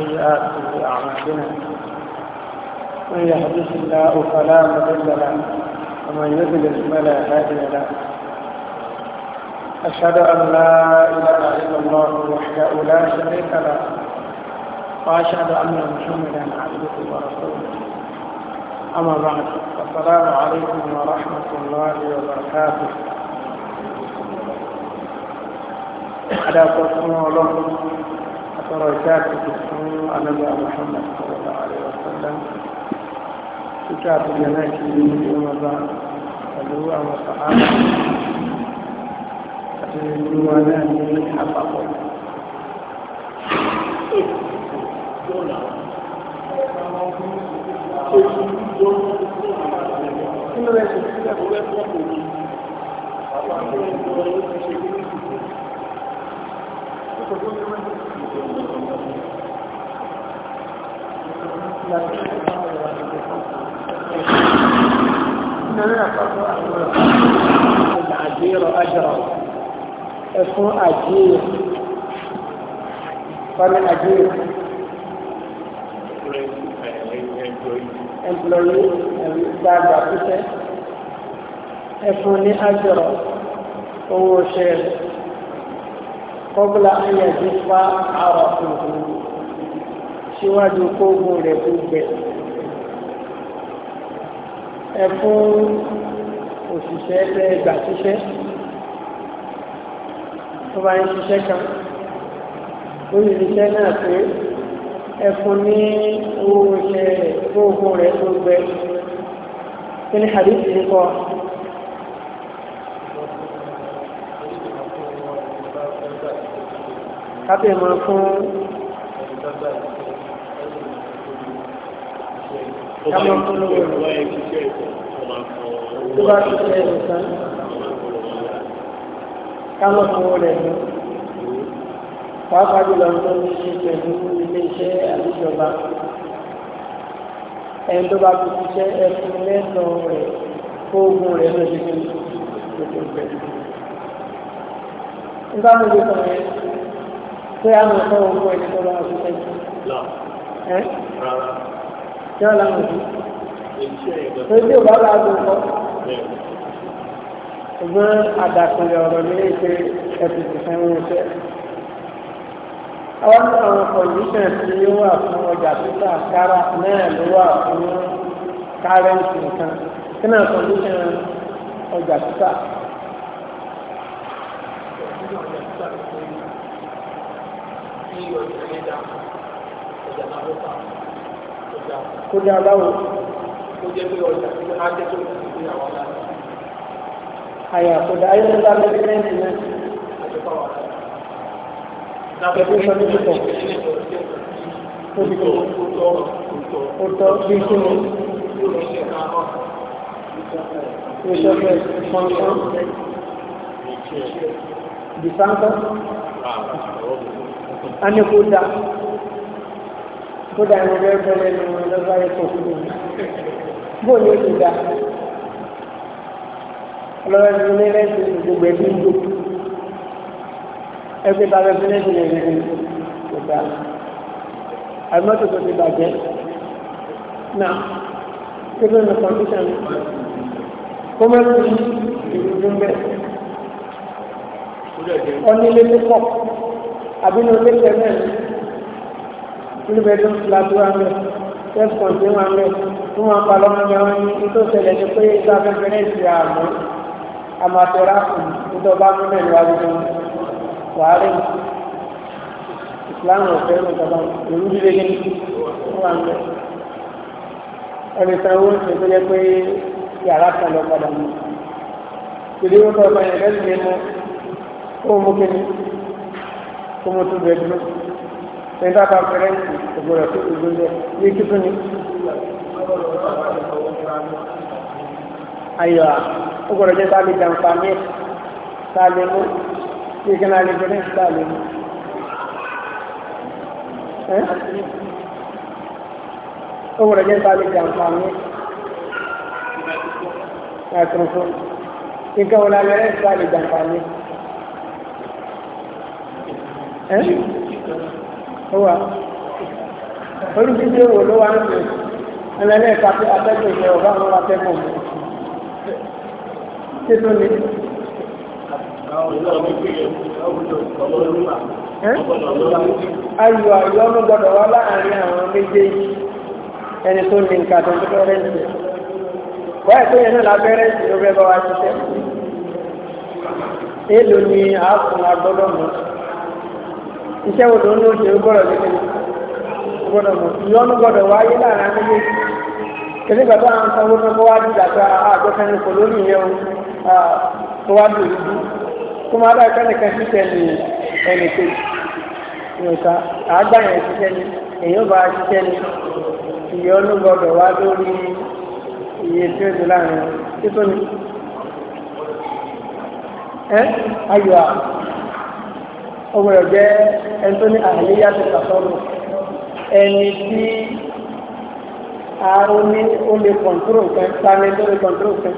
وسيئات أعمالنا من يهده الله فلا مضل له ومن يضلل فلا هادي له أشهد أن لا إله إلا الله وحده لا شريك له وأشهد أن محمدا عبده ورسوله أما بعد السلام عليكم ورحمة الله وبركاته على قسم الله بركاته تسمو على محمد صلى الله عليه وسلم كتاب جناكي من يوم بعد فلو أما صحابة الموالاة من حقق Thank you. ẹ̀fún àjíyè fọ́nà àjíyè ẹ̀mplọ́yé gbàgbà pípẹ́ ẹ̀fún ní àjọ̀rọ̀ owó ṣe rẹ̀ kọ́bùlà ayẹ̀dí fa àrọ̀ òhun síwájú kóògùn rẹ̀ tó gbẹ. ẹ fún òṣìṣẹ́ tẹ gbà ṣiṣẹ́ tó bá ń ṣiṣẹ́ kan lórí iṣẹ́ náà pé ẹ fún ní owó iṣẹ́ kóògùn rẹ̀ tó gbẹ. kí ni àdìsí ń kọ́ kábẹ̀ mọ́ fún kábẹ̀ fún lówó rẹ̀ tó bá ti ṣe ẹ̀rọ tán kábẹ̀ fún owó rẹ̀ lọ pàápàá jùlọ tó ní ṣe pẹ̀lú ilé iṣẹ́ àdíjọba ẹni tó bá ti ṣiṣẹ́ ẹkùn lẹ́sàn rẹ̀ ogun rẹ̀ lọ́jọ́ nígbà mo lè sọ̀rọ̀ pé a máa fẹ́ owó ẹni tó bá ọdún sẹ́yìn. ẹ́ kí wọ́n láwọn sí. ojú ò bá bá gbọ́ nǹkan. ṣùgbọ́n àdàkùnrin ọ̀rọ̀ ní èké ẹ̀sìn ti fẹ́ wọn ṣẹ́. àwọn àwọn kọ̀ǹdíṣàn tí ó wà fún ọjà títà kára náà ló wà fún kárẹ́ǹtì nǹkan kí náà kọ̀ǹdíṣàn ọjà títà. kó dá báwo. àyà kó dá ayé nígbà mẹ́rin mẹ́rin náà. Nàbẹ̀bí sọ́dún púpọ̀. Tóbi tó. Ó tọ́ bí kí ni. Ìṣọ́fẹ́ kọ̀ọ̀kan. Dìsáńtọ́ a ní kó dá kó dá ẹran bẹ́ẹ̀ bọ́ lẹ́nu lọ́gbà ẹ̀kọ́ kúrò bó ní ètò dá ọlọ́run ti ní rẹ́sì gbogbo ẹbí ń dò ẹgbẹ́ ta bẹ́ẹ̀ fún ẹ̀sìn ẹ̀rẹ́ kò dá àmọ́tò tó ti bàjẹ́ náà kí ló ní kọ́ndíṣàn kó mẹ́rin ìlú ló ń bẹ̀ ọ́nílé tó pọ̀ àbínú lẹ́kẹ̀ẹ́ náà nínú bẹ́ẹ̀ tó ń filatú wa mẹ́ self contain wa mẹ́ fún wọn pa lọ́wọ́ mẹ́ wọn ní tó ṣẹlẹ̀ ní pé ìgbà fẹ́fẹ́ náà ti àmọ́ àmàtọ́ra kù nítorí bá mú mẹ́rin wá gbogbo wàá rẹ̀ ìsìláàmù ọ̀fẹ́ rẹ̀ tọ́ba ìlú líle gẹ́gẹ́ fún wa mẹ́ ẹni tán owó ṣe tó pé yàrá kan lọ padà mọ́ ìdíwọ́ kọ́ ọ̀pá yẹn lẹ́sìn kómó tó bẹ dúró nígbà tá a fẹ́rẹ́ ògbó rẹ̀ tó gbogbo jẹ ní kíkún ni. ayọ̀ ó gbọ́dọ̀ jẹ́ sáà lè jàǹfà mu, sáà lè mú tali. kí náà lè jẹ́ náà sáà lè mú. ó gbọ́dọ̀ jẹ́ tali. lè jàǹfà ẹ́ ó wà olùdíje wo ló wà ń bẹ̀ ẹlẹ́lẹ́ kàfí atẹ́gùn ìjẹ ọ̀gá àwọn atẹ́gùn tí tó ní. ayò ayò ọmọ gbọdọ̀ wá láàrin àwọn méjèèjì ẹni tó ní nǹkan tó ń tọ́ rẹ́ǹtì wọ́n ẹ̀ tó yẹn náà lábẹ́ rẹ́ǹtì ló fẹ́ bá wa ṣiṣẹ́ èèlò ni àákùn agbọ́dọ̀ mọ́ iṣẹ́ wo ló ń lò ṣe gbọ́dọ̀ lé lórí gbọ́dọ̀ mọ̀ ìyọnu gbọ́dọ̀ wáyé láàrin akéde kìnní gbàgbọ́ àwọn sanwó náà kó wá di dàgbà ah, àjọkẹ́ni kò lórí ìyẹn o ah, kó wá di òdìdí kó máa bá ẹ̀kọ́ nìkan ṣiṣẹ́ ní ẹnì kejì ọmọ rẹ̀ jẹ́ ẹni tó ní àhàlíyá ti sàtọ́rù ẹni tí ààrùn ní ó lè kọ̀ǹtúrò nǹkan sáré tó lè kọ̀ǹtúrò nǹkan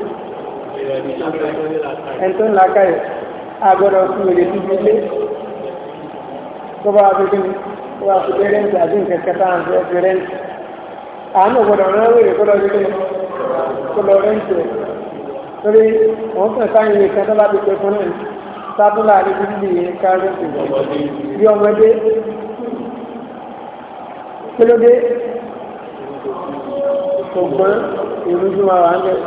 ẹni tó ń làákàyè agbọ́dọ̀ fún èrè títí lé tó bá wà pé tó bá fi pẹ́rẹ́ǹtì àti nǹkan kẹta àti ẹ̀fẹ́rẹ́ǹtì àánú ọ̀gbọ̀dọ̀ rán wèrè sábúlà níbi níbi yìí kárí bí ọmọdé kílódé ṣùgbọ́n ìrújú máa wà ń bẹ̀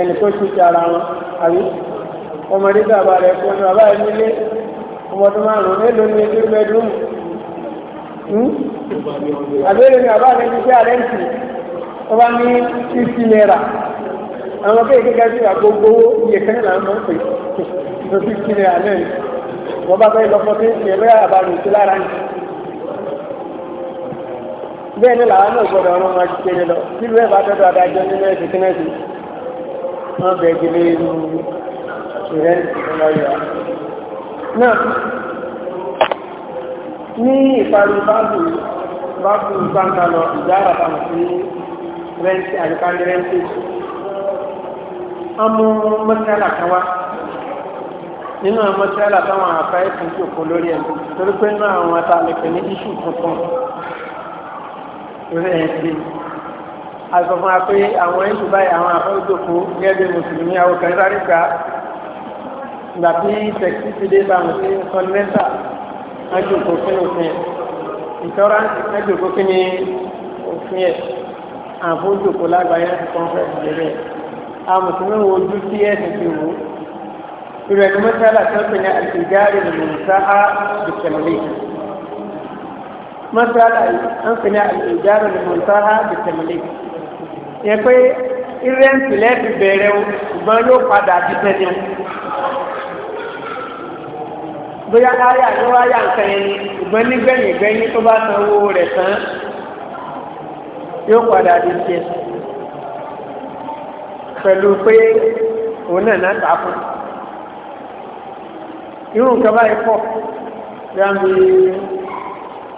ẹnì kó ṣe ti ara wọn àbí ọmọdé bàbá rẹ̀ fún ọdún bàbá rẹ̀ nílé ọmọdé márùn-ún mélòó ni ẹgbẹ́ mẹ́dún hmm? àbẹ́rẹ́ ni bàbá rẹ̀ ti fẹ́ àrẹ́ǹtì wọ́n bá ní fífi náírà àwọn akéèké gẹ́gẹ́ bí àgbógbówó iye kan náà máa tó fi ni, àlẹ́ yìí wọ́n bá fẹ́ lọ fọ́ sí ìṣẹ́ bẹ́ẹ̀ àbálù sí lára yìí bẹ́ẹ̀ ni làwọn náà gbọ́dọ̀ ọ̀run wọn ti kéré lọ sílùú ẹ̀ bá tọ́jú adájọ́ nínú ẹ̀sìn kínẹ́sì wọ́n bẹ̀ gèlè inú ìrẹ́ ìlọ́yà náà ní ìparí báàbù báàbù báńkà lọ ìjára bàmù sí rẹ́ǹtì àyíká rẹ́ǹtì a mú kan wá nínú àwọn tíráìlà táwọn àfáà ẹ̀sìn tí òkú lórí ẹ̀ torí pé nínú àwọn atalẹ̀pẹ̀ ní iṣu tuntun rẹ̀ ẹ̀sìn àìsàn máa pé àwọn ìlú báyìí àwọn àfọ́jòkó gẹ́gẹ́ mùsùlùmí àwọn kan sáré gbà ìgbà tí tẹ̀sí ti dé bá wọn sí kọ́ńtẹ́ńtà mẹ́jọ̀kó kí ni òfin ẹ̀ ìtọ́ráǹtì mẹ́jọ̀kó kí ni òfin ẹ̀ àfọ́jòkó lágbàáyé ti kọ́ńfẹ́ẹ̀sì lẹ́rẹ̀ àwọn mùsùlùmí wo ojú sí ẹ̀sìn ti wò ó ìrẹ̀ ní mọ́sálà tó ń pè ní àtìjáde lùmùsáà bìtẹ̀mọ̀lì mọ́sálà ń pè ní àtìjáde lùmùsáà bìtẹ̀mọ̀lì yẹ pé ìrẹ́ǹtì lẹ́ẹ̀dì bẹ̀rẹ̀ o ṣùgbọ́n yóò padà bí tẹ́lẹ̀ o bóyá káyà ló wáyà nǹkan yẹn ni ṣùgbọ́n nígbẹ̀yìn gbẹ́yìn tó bá san owó rẹ̀ tán yóò padà di tiẹ̀ pẹ̀lú pé òun náà náà ta fún un irun nǹkan báyìí pọ̀ bí a ń bi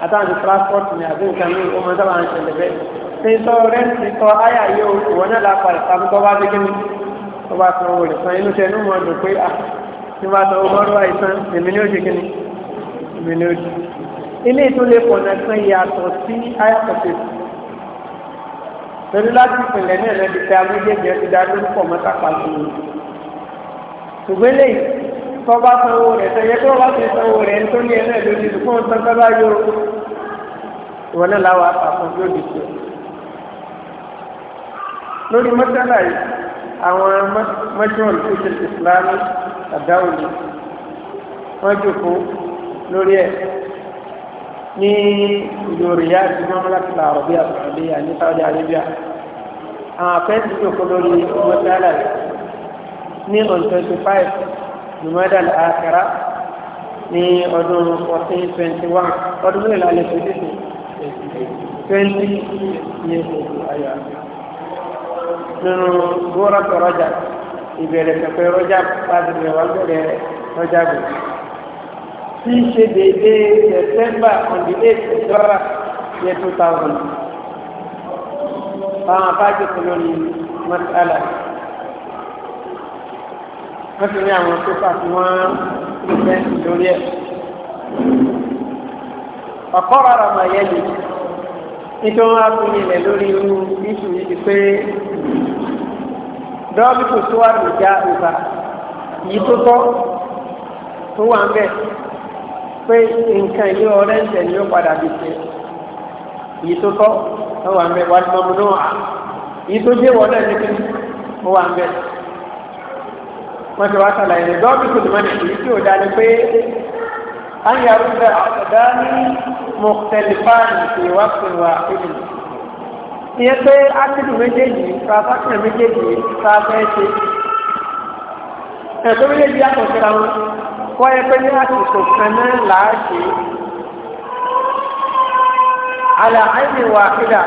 àtàwọn transport ní àbí ní ọmọ sábà ń ṣẹlẹ̀ bẹ́ẹ̀ ṣe tọ́ rẹ́ǹtì tọ́ áyà yóò ìwọ náà lápá ìsàmù bá fi kí ni tó bá san owó rẹ̀ san inú tẹnu mọ́ dùn pé à ní bá san owó ọdún àìsàn èmi ni ó ṣe kí ni èmi ni ó ṣe. ilé ìtúlẹ̀ pọ̀ náà san ìyàtọ̀ sí áyà tọ̀tẹ̀ pẹ̀lú láti ìpìlẹ̀ náà lẹ́bi tẹ abúlé jẹ́ ti dá lórúkọ mọ́tàpá sí i tọ́ba sanwó rẹ̀ tẹ̀yẹ tó bá fi sanwó rẹ̀ ń tó ní ẹ̀rẹ́ lórí ìdúpọ̀ tọ́tọ́ bá yọ ìwọ náà láwọn àpapọ̀ yóò di tiẹ̀. lórí mọ́tálà yìí àwọn mọ́tíwọ̀n tó ṣe ìsìlámù àdáwòlì wọ́n jòkó lórí ẹ̀ ní ìlú rìyá àti mọ́mọ́lákìlá ọ̀rọ̀bí àtàlẹ́ àní Saudi Arabia àwọn afẹ́ǹtì jòkó lórí mọ́tálà yìí ní on jùmọ́dà àkàrà ní ọdún 1421 ọdún mẹ́rin lálẹ́ tó dìbò 20 ní oṣù ayọ̀ nínú gbọ́rọ̀ tó rọ́jà ìbẹ̀rẹ̀ pẹ̀pẹ̀ rọ́jà pàdùnmẹ̀ wà bẹ̀rẹ̀ rọ́jà tí í ṣe dédé september on the 8th of dora year 2000 báwọn afájọ́ kọlọ́ni mọ́tálà wọ́n ti ní àwọn pépà tí wọ́n fẹ́ lórí ẹ̀. ọ̀pọ̀ rárá mà yẹ lè nítorí wọ́n á fi ilẹ̀ lórí irú iṣu yìí ti pé dọ́ọ̀bù tó wà lójà ìgbà yìí tó tọ́ tó wà ń bẹ̀ pé nǹkan ìlú ọ̀rẹ́ ń tẹ̀lé ó padà yìí tó tọ́ wọ́n ti wá sàlàyé ní dọ́ọ̀bì tó lùmọ́ nìkú yìí tí ò dáa ni pé àyà rúbẹ̀ àkọ́dá ní mọ̀tẹ́lifáàní ti wá pẹ̀lú àkójù. ìyẹn pé ákìlù méjèèjì fàáfàkìlù méjèèjì fàáfẹ́ ṣe. ẹ̀tọ́ méjèèjì yàtọ̀ síra wọn kọ́ ẹ pé ní àsìkò kan náà làá ṣe. àlà àìní wàhídà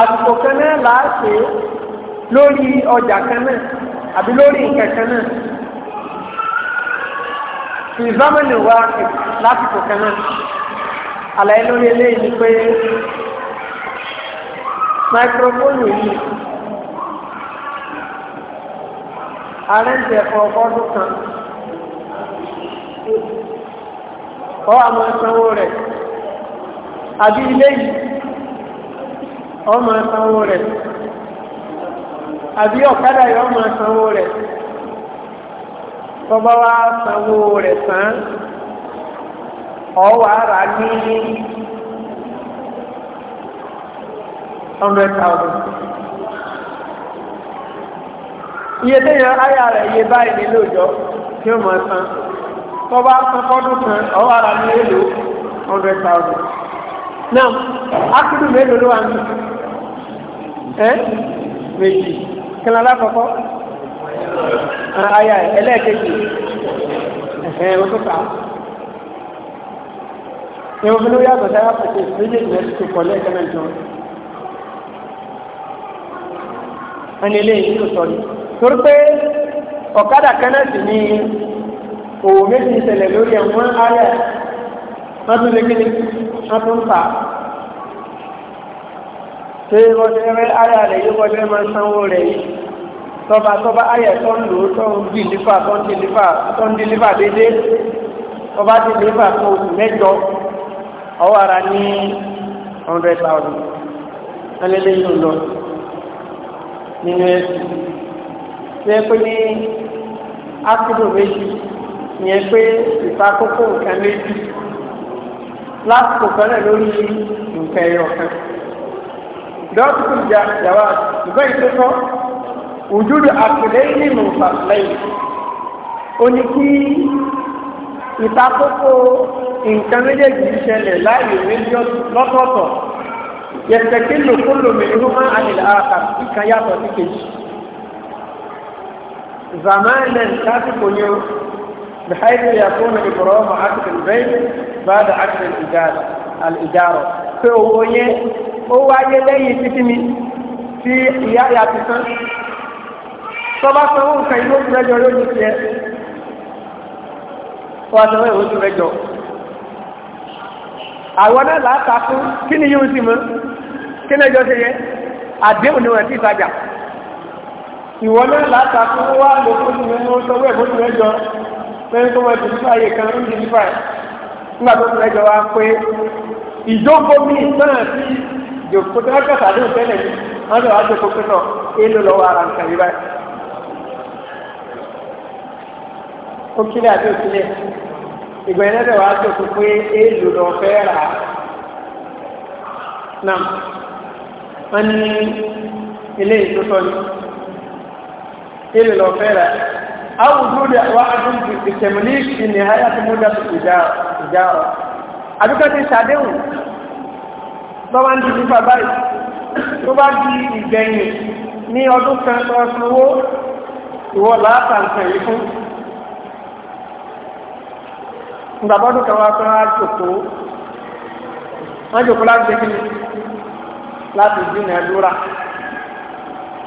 àsìkò kan náà làá lórí ọjà kan àbí lórí kẹ̀kẹ́ náà fi zámẹ́lì wá lásìkò kan náà àlàyé lórí eléyìí ni pé máikrófóònù yìí arẹ́ǹtì ẹ̀kọ́ ọgọ́dún kan ọ àmọ́ ìsanwó rẹ̀ àbí ilé yìí ọmọ ìsanwó rẹ̀ àbí ọ̀kadà yọ máa sanwó rẹ̀ tọ́ba wa sanwó rẹ̀ sàn ọ̀wà rà ní hundred thousand iye téèyàn áyà rẹ̀ iye báyìí ní lóòjọ́ tí ó máa san tọ́ba san fọ́dún kan ọ̀wà ní èlò hundred thousand náà ákúdù mélòó ló wà ní ẹ́ méjì kí lọ́la kọ́kọ́ aya ẹlẹ́ẹ̀kejì ẹ̀hẹ́ òkúta ìwọ bí ló yàtọ̀ sáyà pẹ̀tẹ̀ méjèèjì lẹ́sí tó kọ́ lẹ́ẹ̀kan náà jọ ẹni eléyìí tó sọ ni torí pé ọ̀kadà kan náà sì ní òwò méjì ìṣẹ̀lẹ̀ lórí ẹ̀wọ̀n aya wọ́n tún lé kíni wọ́n tún fà á pé bọ́sẹ̀ rẹ àyà rẹ̀ yóò bọ́sẹ̀ máa sanwó rẹ̀ yìí tọba tọba àyà tó ń lò ó tó ń bì lífà tó ń dìlífà tó ń dìlífà dédé tọba ti dìlífà tó oṣù mẹ́jọ ọwọ́ ara ní hundred thousand ẹlẹ́lẹ́ yìí lọ nínú ẹ̀sìn ṣe pé ní ákúrò méjì ìyẹn pé ìtakókò nǹkan méjì lásìkò kan náà lórí nǹkan ẹyọ kan. دواتكم جواز نقول وجود أكلين منفصلين oni kí ìtakókò nǹkan méjèèjì ṣẹlẹ̀ láàyè méjì lọ́tọ̀ọ̀tọ̀ yẹtẹ̀kí lòkúlòmí rúmọ́ àdìlẹ̀ àkà ìkan yàtọ̀ sí kejì zamanin lásìkò ní o bìháìlì yàtọ̀ ní ìbọ̀rọ̀ ọmọ àti ìbẹ́ẹ̀ bá da àti ìjárọ̀ pé owó yẹn ó wáyé lẹ́yìn títí mi tí ìyá ìyá ti tán tọ́ba sanwó nǹkan ìlú oṣù mẹ́jọ lójú tiẹ̀ wọ́n sanwó ìwé oṣù mẹ́jọ àwọn náà láta fún kí ni yóò sì mọ́ kí ni ẹjọ́ ṣe yẹ àdéhùn ni wọ́n ti ìtajà ìwọ náà láta fún wá lè fún mi mú sanwó ìwé oṣù mẹ́jọ lẹ́yìn tó wọ́n ti fún àyè kan ń di nípa ẹ̀ nígbà tó fún ẹjọ́ wa pé ìjókòó mi náà sí jòkó tó wá gbàgbà àdéhùn tẹ́lẹ̀ ní wọ́n lè wá jòkó pé náà èlò lọ́wọ́ ara nǹkan yìí báyìí. ó kílẹ̀ àdéhùn kílẹ̀ ìgbà yẹn lẹ́sẹ̀ wá jòkó pé èlò lọ fẹ́ rà á. nam wọ́n lọ́wọ́ ń di nípa báyìí tó bá di ìgbẹ̀yìn ní ọdún kan lọ sanwó ìwọ láàtà yìí fún ìgbàbọ́dún kan wá tó wá jòkó láti gbé kíni láti dínà lóra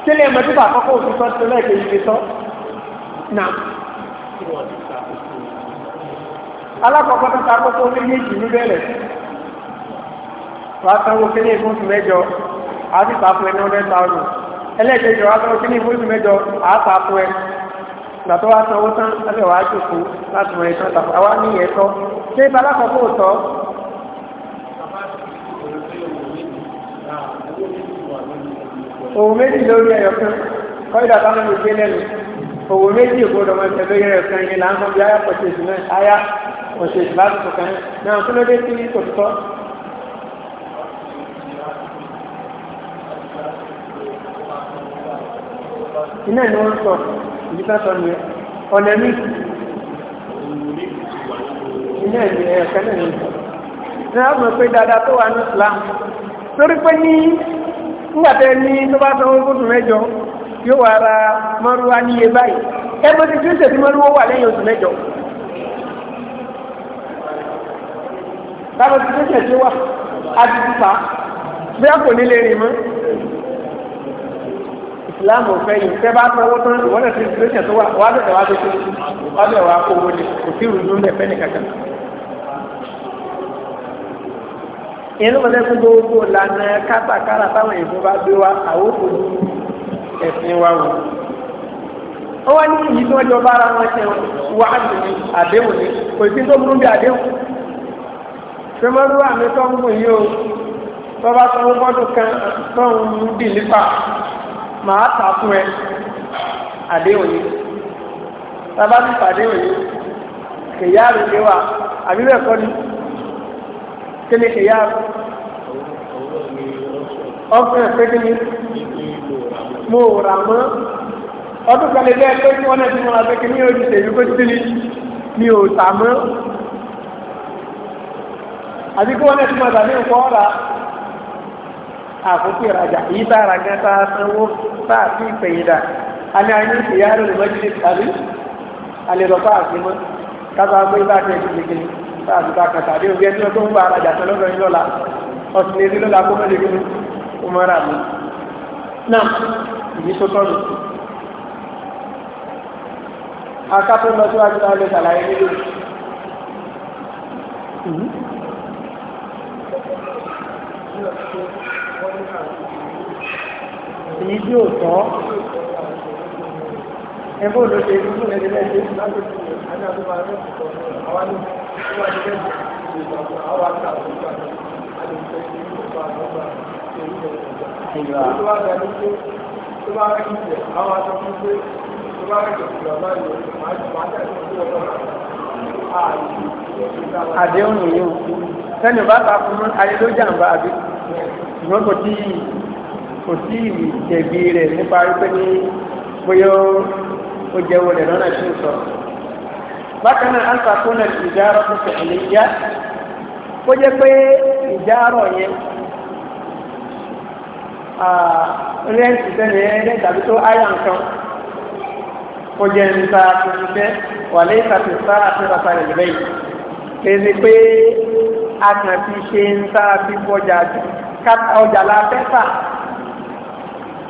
tó lẹ́ẹ̀kẹ́ náà alákọ̀ọ́kọ́ tó ta wàá sanwó kíní fún oṣù mẹ́jọ àti pàápọ̀ ẹni hundred thousand ẹlẹ́ẹ̀kẹjọ wàá sanwó kíní fún oṣù mẹ́jọ àápàápọ̀ ẹ ìgbà tó wàá sanwó tán ẹlẹ́ wàá jòkó láti mọ ẹ̀tọ́ tàbí àwa ní ẹ̀tọ́ ṣé balákọ̀ọ́kọ́ òtọ́ òwò méjì lórí ẹyọkan kọ́ìdà táwọn olùgbé lẹ́nu òwò méjì ògbódọ̀ máa tẹ̀lé ẹyọkan yìí là ń sọ bí aya pọ̀ṣẹ̀ṣì náà aya pọ̀ṣẹ̀ṣì láti sọ̀kan náà tó ló dé sí òtítọ́ iná ni wọ́n sọ ìdíkà sọ ni ọ̀nà mi iná ni ẹ̀ẹ̀kẹ́ náà ni sọ ní a pé dáadáa tó wà ní Islam torí pé ní nígbàtẹ́ ní tó bá sọ oṣù mẹ́jọ yóò wà ra mọ́rúwá ní iye báyìí ẹgbẹ́ ti tún ṣètì mọ́rúwó wà lẹ́yìn oṣù mẹ́jọ tábà ti tún ṣètì wà á ti ti fà bí a kò nílé rìn mọ́ ìsìláàmù fẹ́ yìí fẹ́ bá sanwó tán ìwọ́n ti ṣe tó wà wá bẹ̀rẹ̀ wá tó tó wá bẹ̀rẹ̀ wá owó ni kò sí ìrùdú ń bẹ̀ ní kankan. ìyẹn ló mọ̀lẹ́ gbogbo lànà kátàkárà táwọn èèyàn bá gbé wa àwọn kò ní ẹ̀sìn wa wò. ó wá ní ìyí tí wọ́n jọ bára wọn ṣe wá ní àdéhùn ni kò sí tó burú bí àdéhùn. fẹ́mọ́rú àmì tó ń gùn màá tà fún ẹ àdéhùn yìí bàbá mi fàdéhùn yìí kèyàrú lé wa àbí kọ́ ni kí ni kèyàrú ọkùnrin ẹ̀fẹ́ kí ni mo rà mọ́ ọdún kan lè bẹ́ẹ̀ pé kí wọ́n náà ti mọ́ra pé kí ní ojú tèmi kó sí ni mi ò tà mọ́ àti kí wọ́n náà ti mọ́ra ní nǹkan ọ̀rà àkókò ìrajà yìí tá ara gẹ́ta sanwó sáàfin ìfẹ̀yìndà a ní àyíní ìyáró lè mọ́jú tàbí alèrọ̀pá àfimọ́ kábà gbé bá tẹ̀ sí gbẹgbẹ sáàfin bá kan tàbí òbí ẹni tó ń wà ara jàtọ̀ lọ́dọ̀ yín lọ́la ọ̀sìn lè rí lọ́la kó mọ́ lè rí ó mọ́ ra mi. náà ìbí tó tọ́nu akátó lọ síwájú náà lè ṣàlàyé nílò Thank you sí bí ò tọ́ ẹgbẹ́ òdó ṣe ní ìlú ẹgbẹ́ ẹgbẹ́ Àdéhùn yìí, sẹ́nu bá ta fún ayé ló jàǹbá àbí, ìwọ́n kò tí yìí kò sí ìjẹ̀bi rẹ̀ nípa wípé ní bóyá ó jẹ́wọ́ rẹ̀ lọ́nà tí ó sọ. bákan náà an takuna ìjárọ̀ tó tẹ̀lé yá kó jẹ́ pé ìjárọ̀ yẹn rẹ́ǹtì sẹ́ni rẹ́ǹtì tàbí tó áyà nǹkan kó jẹ́ nípa tuntun fẹ́ wà lẹ́yìn tàbí sáà tó bàtà rẹ̀ lẹ́yìn kéde pé a kàn fi ṣe ń sáà fi bọ́jà ọjà la fẹ́ fà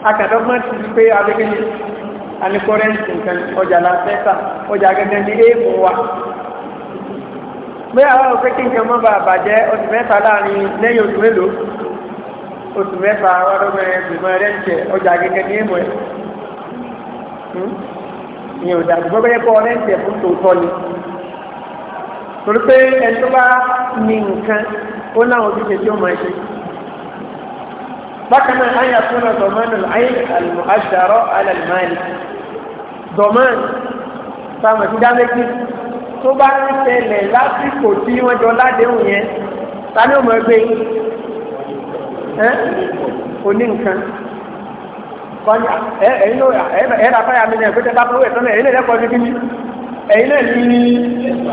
akàdọ́gbọ́n ti pé abẹ́gẹ́ni anikọ́rẹ́ǹtì nǹkan ọjà làfẹ́ta ọjà gẹ́gẹ́ ní éèmù wa pé àwọn òfin kí nǹkan mọ́ bá bàjẹ́ oṣù mẹ́ta láàrin lẹ́yìn oṣù mélòó oṣù mẹ́fà ọdọ́gbẹ̀rẹ̀ ìgbìmọ̀ rẹ́ǹtì ọjà gẹ́gẹ́ ní éèmù ẹ̀ hmm? ìyẹn òjà gbogbo yẹ kọ́ rẹ́ǹtì ẹ̀ fún tòótọ́ ni torí pé ẹni tó bá ní ó náà ojúṣe tí ó máa بكما أن يكون ضمان العين المؤشر على المال ضمان فما تدامك tó bá ń ṣẹlẹ̀ lásìkò tí wọ́n jọ ládéhùn yẹn ta ni ọmọ ẹgbẹ́ oní nǹkan kọ́ni ẹ̀yin náà ẹ̀rọ afáyà mi náà ẹ̀gbẹ́ tẹ́lá fún ẹ̀sán náà ẹ̀yin náà lẹ́kọ̀ọ́ ní kíní ẹ̀yin náà ní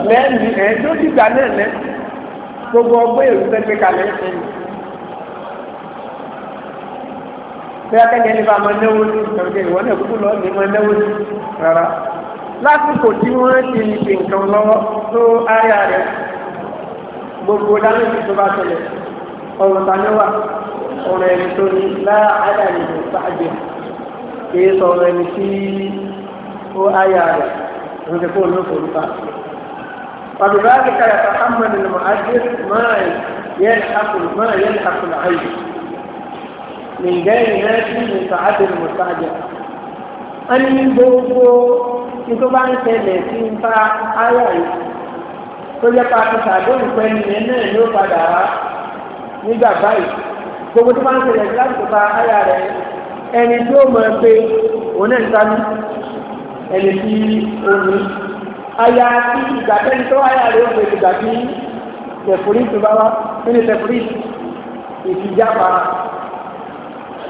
lẹ́yìn ẹ̀yin tó ti gbà náà lẹ́ gbogbo ọgbẹ́ èrú fẹ́ gbé kalẹ̀ ẹ̀yìn. bóyá kẹ́kẹ́ ní bá máa náwó sí ìkànjẹ́ ìwọ náà kúkú lọ́ọ́ ní máa náwó sí rárá lásìkò tí wọ́n ti ṣe nǹkan lọ́wọ́ tó áyà rẹ̀ gbogbo dáná sí tó bá ṣẹlẹ̀ ọ̀rọ̀ taníwà ọ̀rọ̀ ẹni tó ní láàáyà rẹ̀ ló sáàjẹ́ kìí sọ̀rọ̀ ẹni tí ó áyà rẹ̀ ló ti kó lóko nípa. Fàbíbá kíkà yàtọ̀ Ahmed Mahadé máa من غير ناس متعدد مستعجل أن gbogbo nítorí bá ń ṣẹlẹ̀ sí ń bá ara yìí tó jẹ́ pa àti sàdóhùn pẹ̀lú ìyẹn náà ló padà wá nígbà báyìí gbogbo tó bá ń ṣẹlẹ̀ sí láti pa ara rẹ̀ ẹni tí ó mọ̀ pé òun náà ń sáré ẹni tí ó ní aya tí ìgbà tẹ́ni tó aya rẹ̀ ó pè ìgbà tí tẹ̀fúrí tó bá wá nínú tẹ̀fúrí ìfìjápa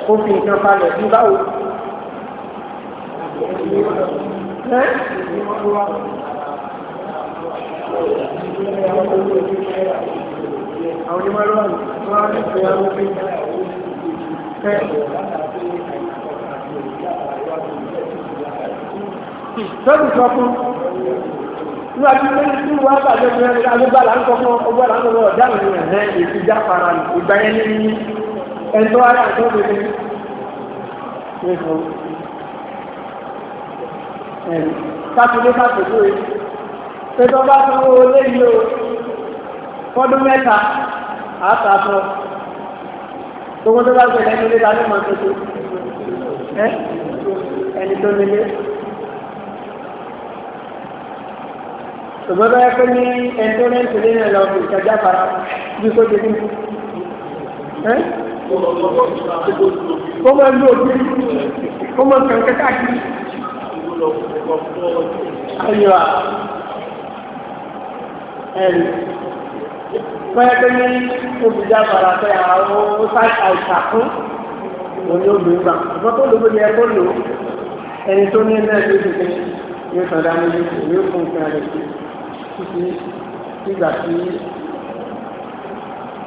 kó fi nǹkan falẹ̀ bí báwo. àwọn onímọ̀ lọ́wọ́ wọn á ní ìfẹ́ àwọn òfin tọ́jú sọ fún ní a ti pé tí wọ́n bàjẹ́ fún ẹni agbégbá là fún ọgbọ́n là ń kọ́ fún ọ̀daràn ní ẹ̀hẹ́ ẹ̀tọ́ ara àti òbèrè rẹ̀kọ́ ẹ̀rì sátidé sátidé rẹ̀ pẹ̀tọ́ bá sanwó olé yìí o fọ́dún mẹ́ta àtàtọ̀ gbogbo tó bá gbẹ̀rẹ̀ nílé lálẹ́ máa tó tó ẹni tó nílé ṣùgbọ́n bá yẹ pé ní ẹni tó ní ìṣẹ̀lẹ̀ náà lọ fi ìṣẹ́jà para bí kò ṣe ní kó máa lò bí kó máa kàn kẹ́kẹ́ àkíyè. Àyà ẹ̀rì pẹ́ẹ́ pé ní obìnrin àbàrà pé àwọn àìsàkún òun ni obìnrin gbà. Ìgbọ́n tó lóbi ni ẹ kó lò ó ẹni tó ní ẹgbẹ́ ìlú ìdíje yóò tàn dá níbi ìwé fún ìpín rẹ̀ títí nígbà tí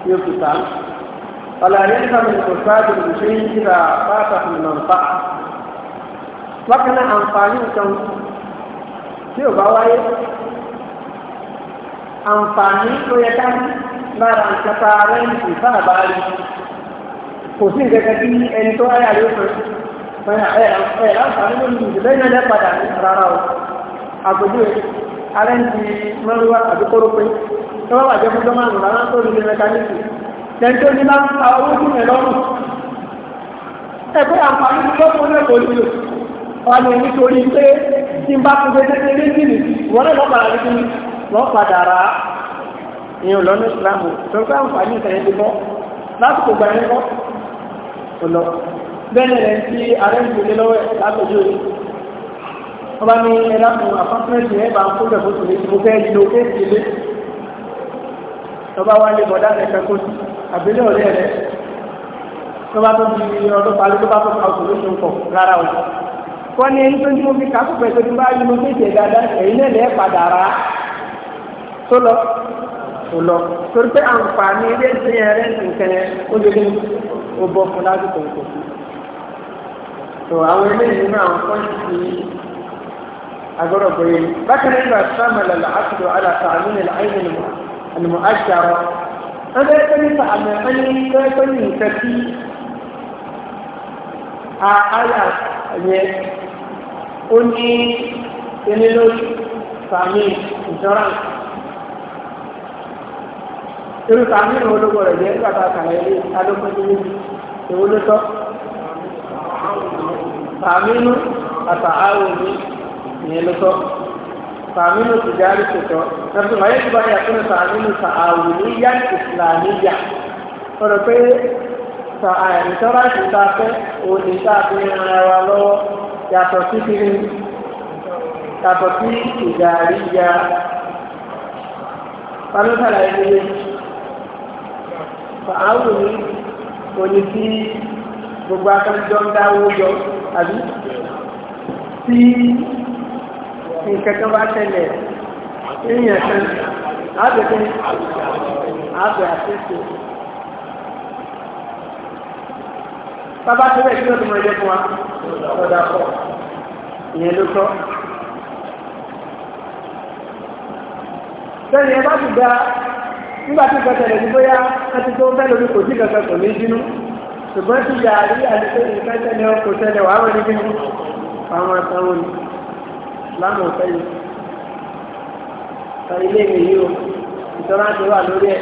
yóò fi ta ولا يلزم الفساد بشيء إذا فاته المنفعة لكن أنفاني كم tí ò bá wáyé àǹfààní tó yẹ ká lára nǹkan tá a rẹ ìfẹ́ àbáyé kò sí nǹkan kan bí ẹni tó wáyé àyè fún un ẹ ẹ àǹfààní ló ń lù bẹ́ẹ̀ náà lẹ́pàdà ní rárá o àgbègbè alẹ́ ń di mẹ́rùwá àbí kórópé tó wá wàjẹ́ fún rárá tó lè mẹkáníìkì tẹ̀tọ́ ní máa ń ta owó tí mẹ́ lọ́rùn ẹgbẹ́ àǹfààní tí lọ́pọ̀ ní ẹ̀kọ́ ìlú wà ní nítorí pé tí n bá fún gbẹ́gbẹ́ méjì nì wọ́n lọ́ padà ní kíni wọ́n padà rà á ìyẹn lọ́nà ìsìlámù tó ń fẹ́ àǹfààní ìtẹ̀yẹ́ ti bọ́ lásìkò gbà yẹn kọ́ ọ̀lọ́ bẹ́ẹ̀ rẹ̀ tí ààrẹ ń tọba wá lé bọ̀dá ẹ̀kẹ́ kó sí àbílẹ̀ ọ̀rẹ́ rẹ̀ tọba tó di ọdún parí tó bá tó ka òṣèlú tó ń pọ̀ rárá o. wọ́n ní ẹni tó ń mú mi ká kó pẹ̀lú bá yí mo tètè dáadáa ẹ̀yin náà lẹ́ẹ̀ padà rà á tó lọ tó lọ torí pé àǹfààní ilé ìsìn ẹ̀rẹ́ nìkan yẹn ó lé ní o bọ̀ fún lásìkò ìkò. tó àwọn eléyìí agbọ́dọ̀ gbé bákan náà ìgbà sàmàlà làásùdò àlàtà àmì àlùmọ̀ àṣàrọ̀ ẹgbẹ́ pé nípa àmì ẹni pé ní nǹkan tí a àyà yẹn ó ní ẹni lórí sàmì insurance irú sàmì ìwọ ló gbọdọ̀ jẹ́ nígbà tá a kàlà ilé adókòó تعميل تجاري كتو نفس ما يجب أن يكون تعميل تعاونيا إسلاميا فرقي تعاين ترى كتاك ونساء من الوالو يتفكر تفكير تجاريا فمثلا يجب تعاوني ونسي gbogbo akẹ́kọ̀ọ́ ń dáwó jọ àbí tí nǹkan kan bá tẹ̀lẹ̀ èèyàn kan àbẹ̀kẹ́ àbẹ̀ àtẹ́sẹ̀. Bàbá tó bẹ̀ kí ló ti máa yẹ fún wa lọ́dà pọ̀. Ìyẹn ló tọ́. Sẹ́ni ẹ bá ti gba nígbà tí ìgbà tẹ̀lẹ̀ ní bóyá wọ́n ti tó fẹ́ lórí kò sí kankan kò ní bínú ṣùgbọ́n tí ìyá àríyá àti pé ìfẹ́ tẹ̀lé ọkọ̀ tẹ̀lé wàá wọ̀ ní bínú àwọn àtàwọn ni ìsìlámù ọ̀fẹ́ yìí sọ ilé ìwé yìí o ìjọba ti wà lórí ẹ̀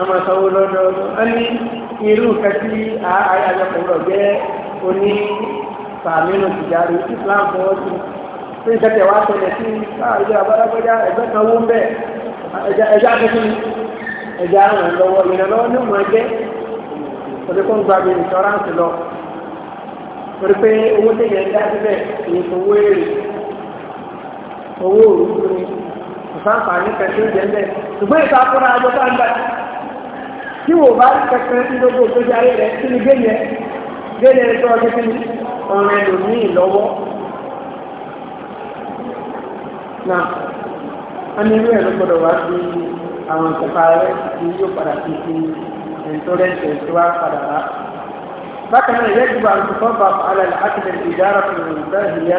àmọ́ sanwó lọ́dọọdún wọ́n ní irú nǹkan tí àjọpọ̀ rọ̀ jẹ́ oní fàmínú tìjáde ìsìlámù fọwọ́ sí pé ìjọba wa tẹ̀lé sí káàdé abárágbájá ẹgbẹ́ kan wó ń bẹ̀ ẹja akẹ́kọ̀ọ́ ẹja ràn lọ́wọ́ ìrànlọ́wọ́ ní ìmọ̀ ẹgbẹ́ òdekùn gbàgbé ìṣọ́ráǹsì lọ torí owó òru ni ìfáǹfààní kẹsàn-án jẹ́ bẹ́ẹ̀ ṣùgbọ́n ìta fúnra ajọ́ tá ń gbà tí wò bá kẹsàn-án sí gbogbo òṣèlú ayé rẹ̀ kí ni géèyẹ géèyẹ tó ọjọ́ kí ni ọ̀rẹ́ ẹlòmíì lọ́wọ́ náà a ní irú ẹ̀ ló gbọ́dọ̀ wá sí àwọn ìkọ̀kọ̀ ààrẹ tí yóò padà sí sí ẹ̀ńtọ́rẹ́ǹtì tí wá padà wá. bákan náà ìyẹ́jú bá ń alẹ́ àti ìdára fún ìgbà ìyá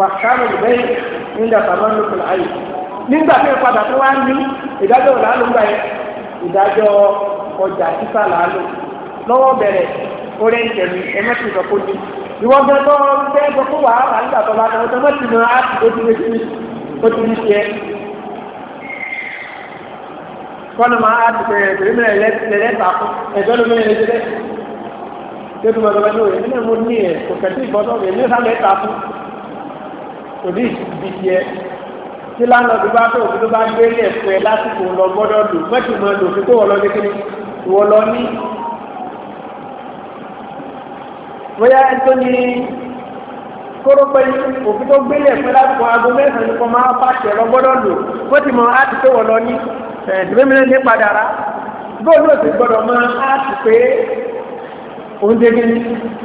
wàkánù lẹ́yìn nígbà tàbí ọ̀nà àyè nígbà tí ìpadà tó wá ní ìdájọ́ làálù gbà yẹn ìdájọ́ ọjà títà làálù lọ́wọ́ bẹ̀rẹ̀ orí ìtẹ̀mí ẹ̀mẹ́tì ìdọ̀kọ́ ni ìwọ́n bẹ́ẹ̀ tó bẹ́ẹ̀ tó kó wàá àlùgbà tó bá tẹ̀ ọjọ́ mẹ́tì náà á ti tó ti ní tó ti ní tiẹ̀ kọ́nà máa á ti bẹ̀rẹ̀ pẹ̀lú mẹ́rẹ̀ lẹ́lẹ́ta fún ẹ̀jọ́ ló mẹ́rẹ̀ lẹ́jẹ́ bẹ́ẹ̀ tó tó bá tọ́ bá tó yẹ torí ìṣubí tiẹ tí lánàá tó bá tó òfin tó bá gbé lẹ̀ fún ẹ lásìkò lọ gbọ́dọ̀ lò mẹ́tì mọ́ lò fi kó wọ́n lọ ní kíni wọ́n lọ ní. bóyá ẹjọ́ ni kórópẹ́ òfin tó gbé lẹ̀ fún ẹ lásìkò aago mẹ́sàn-án ni kò máa pàṣẹ lọ gbọ́dọ̀ lò mẹ́tì mọ́ á ti tó wọ́n lọ ní ẹ̀ẹ́dẹ́gbẹ́mìíràn ní padà rà bóòlù òsì gbọ́dọ̀ máa á ti pé oúnjẹ gíní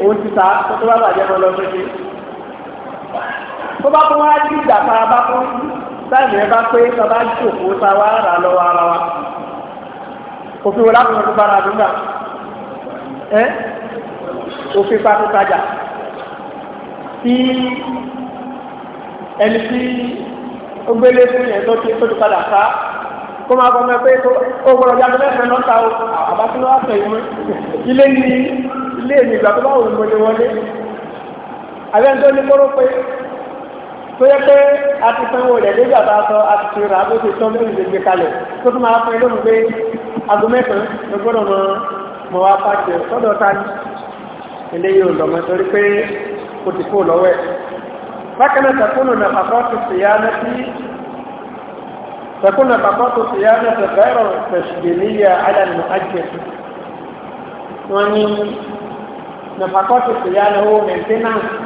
oúnjẹ ta tó tó bá bàjẹ́ mọ́ lọ tó bá fún wa jí ìgbà tá a bá fún táìmù ẹ bá pé bàbá jòkó ta wá rà lọ́wọ́ ara wa òfin wo láti wọn tó bára àdúgbà ẹ òfin pàtó tajà tí ẹni tí ó gbélé fún yẹn tó ti tó ti padà ká kó máa kọ́ mẹ́ pé ó gbọ́dọ̀ jáde mẹ́fẹ́ lọ́ta o àbáfin lọ́wọ́ àtẹ̀ ìwé ilé ní ilé ìgbà tó bá wù ú wọlé wọlé àbẹ́ńtó ní kóró pé tó yẹ pé a ti sanwó rẹ̀ lójú àbá sọ a ti ra bó ti tọ́ lórí ìgbésẹ̀ kalẹ̀ tó tún máa fún ẹ lóhùn pé aago mẹ́sàn-án ló gbọ́dọ̀ mọ mọ wá pàṣẹ sọ́dọ̀ ta ni eléyìí ò lọ́mọ torí pé o ti kó lọ́wọ́ ẹ̀. bákan náà sẹ́kúnnù náà pàtó ti ṣìyá náà sí sẹ́kúnnù náà pàtó ti ṣìyá náà sẹ̀ fẹ́rọ̀ tẹ̀sídẹ̀ níyà alàmì àjẹ wọn ni nàfàkọ́ ti ṣìyá náà ó mẹ́ntẹ́nánsì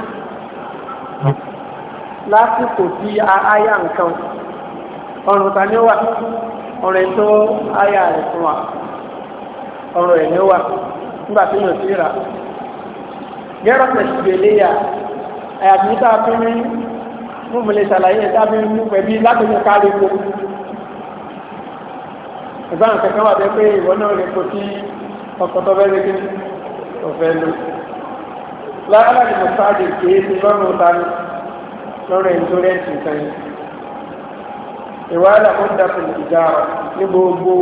lásìkò tí a áyà nǹkan ọ̀rùn ta ni ó wà ọ̀rọ̀ ètò áyà rẹ̀ fún wa ọ̀rọ̀ ẹ̀ ni ó wà nígbà tí yóò sí rà gẹ́rọ̀ pẹ̀sìgbèlé yà àyàtí tá a fi ń mú mi lè ṣàlàyé tá a fi ń mú pẹ̀bí láti mú kárí ko ìbáwọn kankan wà bẹ́ẹ̀ pé ìwọ náà lè kó sí ọkọ̀ tó bẹ́ẹ̀ lé ọ̀fẹ́ lò lára ni mo sáà lè kéé sí lọ́rùn ta ni lọ́rọ̀ ìntórẹ́ǹtì nǹkan yìí ìwádà ó dàpọ̀ ìjà ní gbogbo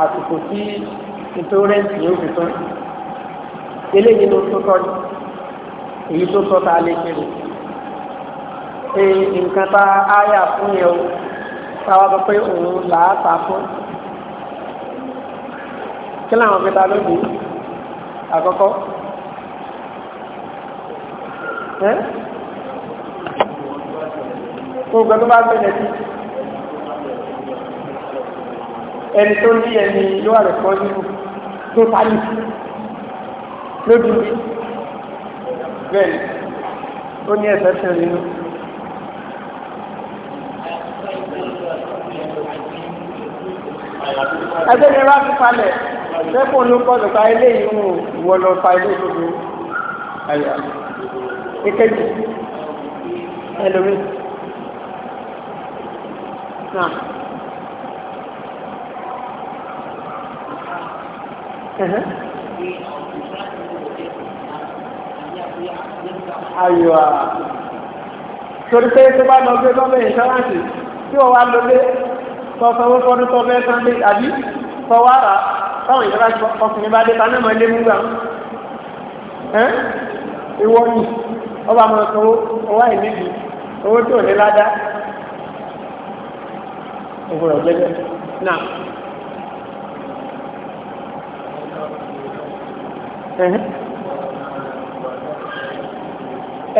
àsìkò tí ìntórẹ́ǹtì yóò fi tán eléyìí ló tó tọ́ èyí tó tọ́ ta lè kéré pé nǹkan tá a yà fún yẹn o táwa sọ pé òun làá ta fún kí làwọn fi ta lóde àkọ́kọ́ gbogbo tó bá gbẹ̀lẹ̀ sí ẹni tó ní ẹni ló wà lẹ́kọ́ nínú tó tálì lójú rí bẹ́ẹ̀ ó ní ẹ̀fẹ́ fẹ́ nínú. ẹgbẹ́ ni wá fi palẹ̀ lẹ́kùn ló kọ́ lọ́pàá ilé ìhun ìwọ lọ ilé ìlú ayà ìkejì ẹlòmíì. نعم أه. ayiwa torí pé tó bá lọ gbé lọ́lẹ̀ ìṣọ́ráǹsì tí ó wá lọlé tọ́sánwó fọ́dún tó fẹ́ sáńdé àbí tọ́wọ́ àrà táwọn ìjọba ọkùnrin bá dé ta náà máa lé múgbà ẹ́ ìwọ́nù ọba mọ̀ sanwó ọwá ìníbi owó tí ò ní ládàá ògbòrò jẹ́jẹ́ náà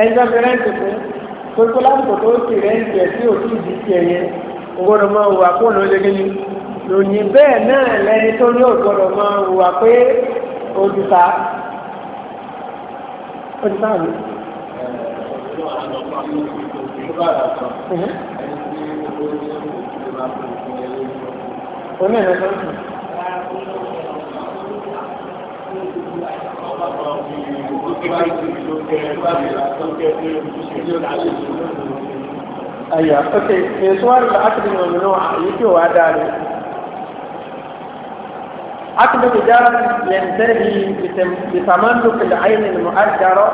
ẹ̀ńtọ́ fi rẹ́ǹtì fún torípé lásìkò tó ti rẹ́ǹtì ẹ̀ tí ò sí ìdí tiẹ̀ yẹn ògbòrò máa wùwà kó ló lé ní lónìí bẹ́ẹ̀ náà lẹ́ni tó ní ògbòrò máa wùwà pé ojúta ojúta mi ẹni tí ومن أي أوكي من صور العقد الممنوع يجي وعداله عقد تجارة ينتهي بتملك العين المؤجرة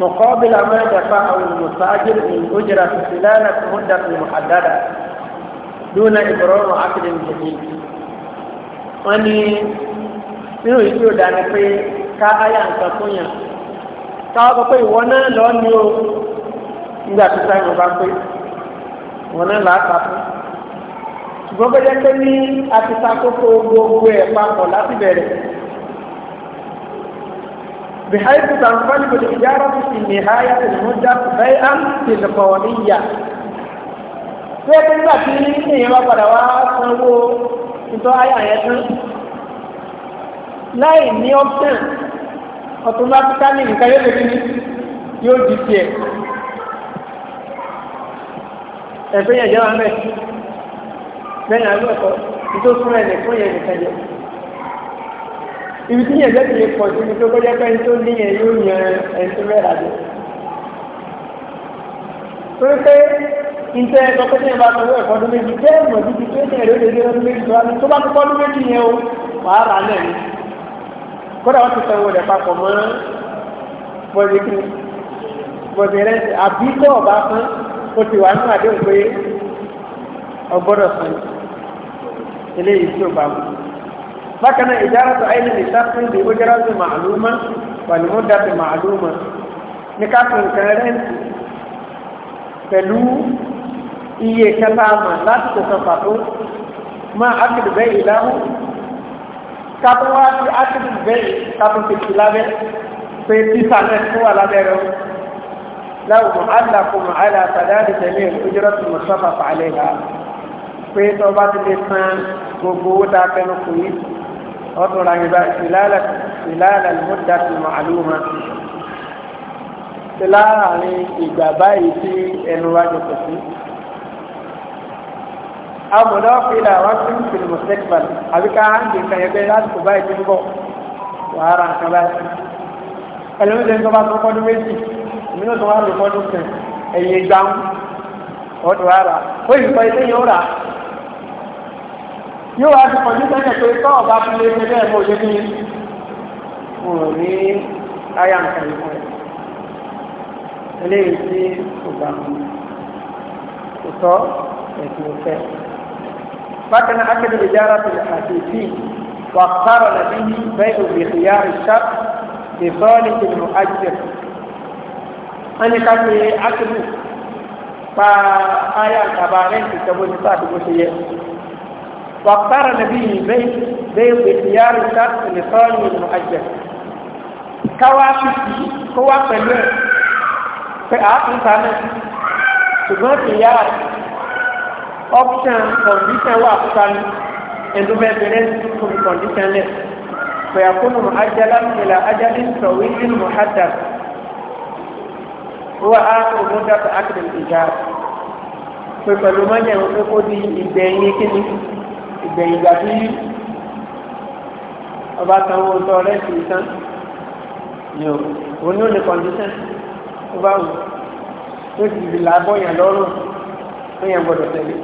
مقابل ما دفعه المستأجر من أجرة سلالة مدة محددة dúnà ìbọ̀rọ̀rùn ákìlẹ̀ nìyí. wọ́n ní nínú ìdí òdà ni pé ká áyà nǹkan fún yàn káwọ́ sọ pé ìwọ náà lọ ní o nígbà tó sáyẹn bá pé ìwọ náà là á kà fún. ṣùgbọ́n bẹ́ẹ̀ jẹ́ pé ní atitakókò gbogbo ẹ̀ papọ̀ láti bẹ̀rẹ̀. بحيث تنقلب الإجارة في نهاية المدة بيعا تلقائيا pé pé nígbà tí èèyàn bá padà wá sanwó ìtọ́ ayà yẹn tán láì ní option automatically nǹkan yóò lè ní yóò di tiẹ̀ ẹ̀fẹ́ yẹn jẹ́ wọn bẹ́ẹ̀ bẹ́ẹ̀ náà lọ́kọ̀ọ́ ìtò fún ẹ̀ lè fún yẹn nìkan jẹ́ ibi tí yẹn lẹ́sìn lè pọ̀ sí ibi tó kọjá pé tó ní yẹn yóò yan ẹni mẹ́ra jẹ́ pé ìfẹ́ ẹ̀kọ́kọ́tẹ́ ìbá tọwọ́ ẹ̀kọ́dún méjì jẹ́ ìmọ̀ títí tó ní èrè lè lọ́dún méjì tó ní tó bá ti kọ́dún méjì yẹn o wàá rà náà ni kódà wọ́n ti sọ ìwọ̀n rẹ̀ papọ̀ mọ́ bọ́dé kí bọ́dé rẹ̀ àbí tó ọ̀bá fún ó ti wà nínú àdéhùn pé ọgbọ́dọ̀ fún eléyìí tí ó bá mú. bákan náà ìjára tó lè sáfún ìdí ó jẹ́rọ sí màálùmá pàlùmọ́ dàbí màálùmá ní ká fún nǹkan rẹ̀ pẹ̀lú iye kẹta àmà lásìkò kan pàtó máa ákìdì bẹ́ẹ̀ ìdáhùn kátó wá sí ákìdì bẹ́ẹ̀ kátó fèsì lábẹ́ pé títà náà tó wà lábẹ́ rẹ̀ láwùjọ alákòmọ̀ aláàtàdáàdì tẹ̀lé ìjọba tó mọ̀ sọ́fà fàálẹ̀ ha pé tó bá ti lè san gbogbo owó tá a fẹ́ lóko yìí ọdún ra yorùbá ìlàlà ìlàlà ìmúdà tó mọ̀ àlùmọ̀ láàárín ìgbà báyìí tí ẹnu wájú kò sí amọ̀dọ́ fìlà wá sí fìlì mọ̀sẹ́kìbà àbí ká hàn dé kan ẹgbẹ́ láti kò báyìí tó ń bọ̀ wàhálà nǹkan báyìí. ẹlẹ́wọ̀n lè ń tọ́ bá tó kọ́dún méjì ìmínú tó wà ló kọ́dún kan ẹ̀yìn gbàm ọ̀dọ̀ ara ó yìí kọ́ ilé yóò rà yóò wá ti pọ̀jù sẹ́yìn pé tọ́ فكان أكد إدارة الحديثين واقترن به بيع بخيار الشر لصالح المؤجر أنا كان أكد فآية كبارين في كبير صاحب بوشية واقترن به بيع بخيار الشر لصالح المؤجر كوافي كوافي pé a ń ta náà option condition wà fúkàní ẹ̀dùnmẹ́ bẹ̀rẹ̀ fún condition lẹ̀ fẹ̀yàkúnnù ajala ìlà ajali sọ̀wé nínú mọ̀hádà wọ́n á òun dáta akéde ìjà pé pẹ̀lú mọ́nyà ń pé kó di ìgbẹ̀yìn kíni ìgbẹ̀yìn ìgbà tí ọba sanwó tọ́ rẹ̀ sí tán ni òun ní òní condition tó bá wù tó sì bìlà bọ́yàn lọ́rùn tó yẹn gbọ́dọ̀ tẹ̀lé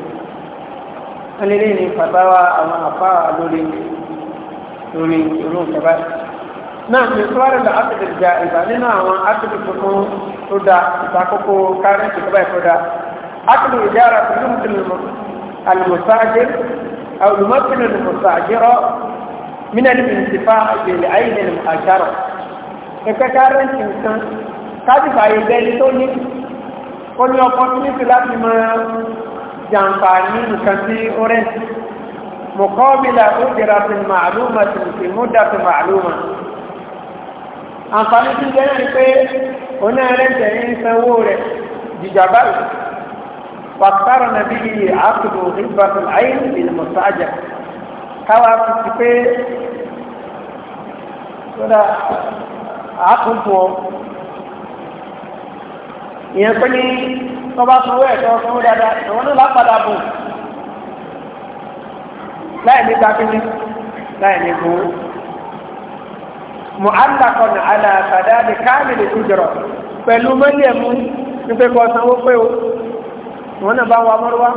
wọ́n lé ní fàtàwà àwọn àfáà lórí lórí irú ìjọba náà ní sọ́wọ́n lọ ápìlì ìjà ìgbà nínú àwọn ápìlì tuntun tó da ìtakókò kárí ìjọba ẹ̀kọ́ da ápìlì ìjà ara tó ní المساجر أو يمكن المستأجر من الانتفاع بالعين المؤجرة ìkẹkẹrẹ nìkan kájìfà ìgbẹ́ ilé tó ní ó ní ọkọ̀ tí ní ti láti máa jàǹfààní nǹkan sí orange mọ̀kọ́bílà ó jẹ́ra sí màálùmá sí sí múdà sí màálùmá àǹfààní tí jẹ́ ní pé onírẹ́ǹtẹ̀ ń sanwó rẹ̀ jìjàbá wàkàrà nàbí àkùdù ìbàtù àyè ìlmọ̀sájà káwá ìyẹn pé ní tọba sanwó ẹ̀ tọ́ sanwó dáadáa ìwọ́n náà lápadà bò láì ní gbàgbé láì ní gbòó mu'allaqan ala sadadi kamil ujra pẹ̀lú mọ́lẹ̀mú ní pé kọ́ sanwó pé o wọ́n náà bá wa mọ́rọ́wá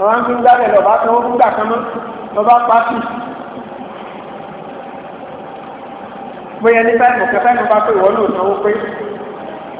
àwọn tó ń gbàgbé lọ bá sanwó fún gbà kan mọ́ lọ bá pàṣẹ bóyá ní táìmù kẹfẹ́ ní bá pé ìwọ náà sanwó pé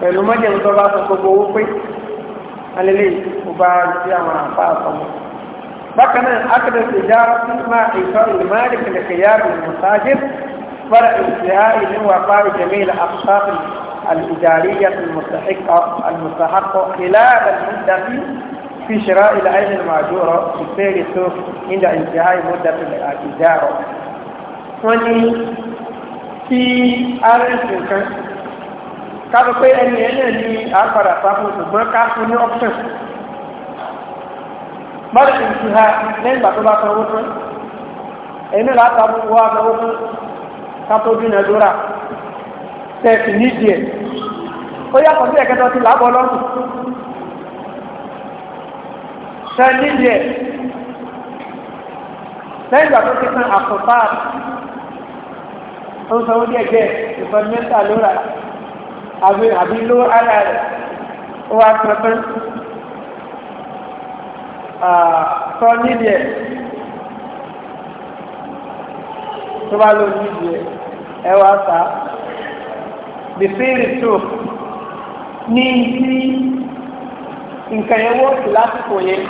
pẹ̀lú mọ́jẹ̀ tó bá sọ gbogbo owó pé alẹ́lẹ́ ìkùbá sí àwọn àpáàpọ̀ الإدارية المستحقة المستحقة إلى المدة في شراء العين المعجورة في سير السوق عند انتهاء مدة الإدارة وني في أرسل كنت káàbọ̀ pé ẹni ẹ̀ náà ní àpàdà sáfún ṣùgbọ́n ká fún ní option mọ́rẹ̀ ìtù ha lẹ́yìn ìgbà tó bá sanwó fún ẹni látàbí wọ́n sanwó fún kátó bí nà lóra tẹ̀sì ní díẹ̀ ó yàtọ̀ sí ẹ̀kẹ́tọ̀ ti làbọ̀ lọ́rùn tẹ̀ ní díẹ̀ lẹ́yìn tó ti san àpòpáà ó sanwó díẹ̀ díẹ̀ ìfọ̀dúmẹ́ta lóra àbí àbí ló ara rẹ̀ ó wá pẹ́pẹ́ sọ níbi ẹ̀ tó bá ló níbi ẹ̀ ẹ wá ta bìfìrì tó ní ibi nǹkan yẹn wọ́ọ̀sì lásìkò yẹn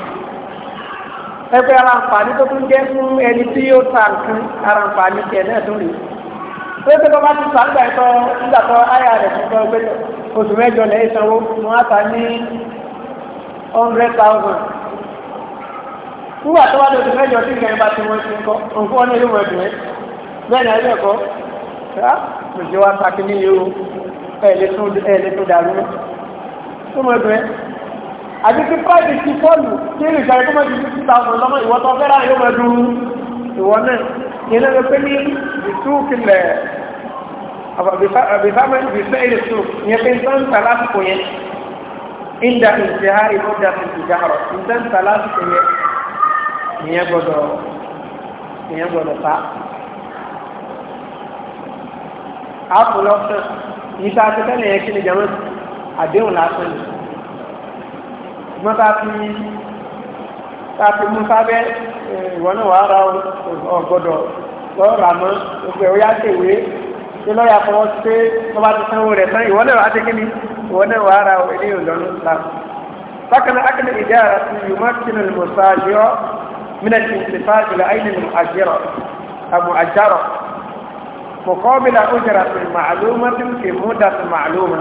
ẹgbẹ́ ara àǹfààní tó tún jẹ́ fún ẹni tí yóò ta nǹkan ara àǹfààní tiẹ̀ náà tó pé tó bá ti sàn gbà ẹ̀tọ́ nígbà tó àyà rẹ̀ ti sọ pé oṣù mẹ́jọ lẹ́yìn sanwó mo á ta ní hundred thousand nígbà tó wá lọ oṣù mẹ́jọ tí ìgbà yẹn bá ti wọ́n ti ń kọ́ nǹkan ní ìlú ẹ̀dùn ẹ̀ bẹ́ẹ̀ ni ẹ̀dùn ẹ̀kọ́ ṣá kò jẹ́ wá pàkí ní ìlú ẹ̀ẹ́dẹ́ tó dàrú mọ́ tó mọ̀ ẹ̀dùn ẹ̀ àti tí pàdé ti fọ́ọ̀lù tí ìrìnsà ẹ̀kọ́ mọ́ ti fifty thousand lọ́mọ ìwọ́tọ̀ fẹ́ràn yóò mọ̀ ẹ̀dùn ìwọ náà هنا نبني بسوق ال بثمن بسعر السوق يقين ثلاث كوين عند انتهاء مدة التجارة إنسان ثلاث كوين يبدو يبدو ساعة àpò lọ́sẹ̀ ìta akẹ́kẹ́ lẹ́yìn kí ni jẹun àdéhùn lásán ni mọ́ta fi láti mú sábẹ́ ìwọ náà wàá ra ọ̀gbọ́dọ̀ lọ́ọ̀rà mọ́ gbogbo ẹ̀ ó yá tèwé tí lọ́ọ̀yà fọwọ́ sí pé wọ́n bá ti sanwó rẹ̀ tán ìwọ náà wàá ti kíni ìwọ náà wàá ra ilé ìlọ́nù ńlá. bákan náà ìdí ara ti yù má kínú ni mo sá àjọ mílẹ̀ tí ti fa ìlà ayé ni mo ó jẹrà sí màálùmá tí mo kì mú dà sí màálùmá.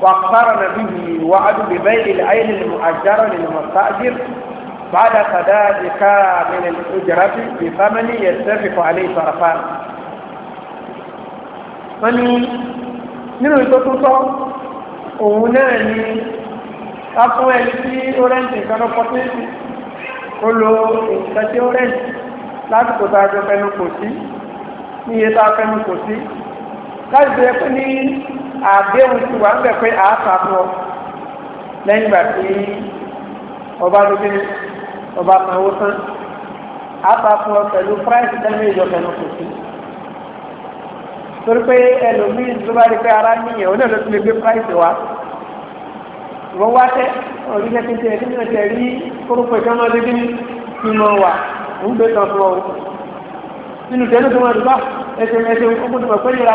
وقارن به وعد ببيع العين المؤجرة للمستأجر بعد سداد كامل الأجرة بثمن يتفق عليه طرفان wọ́n ní nínú ìtọ́tútọ́ òun náà ni a fún ẹni tí ó rẹ́ǹtì nǹkan lọ́pọ̀ tí ó lo nǹkan tí ó rẹ́ǹtì lásìkò tá a jọ fẹnu kò sí ní iye tá a fẹnu kò sí láti bẹ̀rẹ̀ pé ní àdéhùn ti wà ń bẹ̀ pé àáfà fún ọ lẹ́yìn ìgbà tí ọba lókè ọba sanwó tán àáfà pẹ̀lú price tẹ́lẹ̀ ìjọba ẹnu kò sí torí pé ẹlòmíì tó bá rí pé ara níyẹn ó náà ló ti lè gbé price wá wọ́n wá tẹ́ orílẹ̀ títí ẹ̀ títí ẹ̀ rí kórópọ̀ ìjọ máa dégbé ní mọ̀ wà ń gbé kan fún ọ nínú tẹ́lẹ̀ tó máa dùbà ẹsẹ̀ ẹsẹ̀ ó gbọ́dọ̀ pẹ̀lú ìrà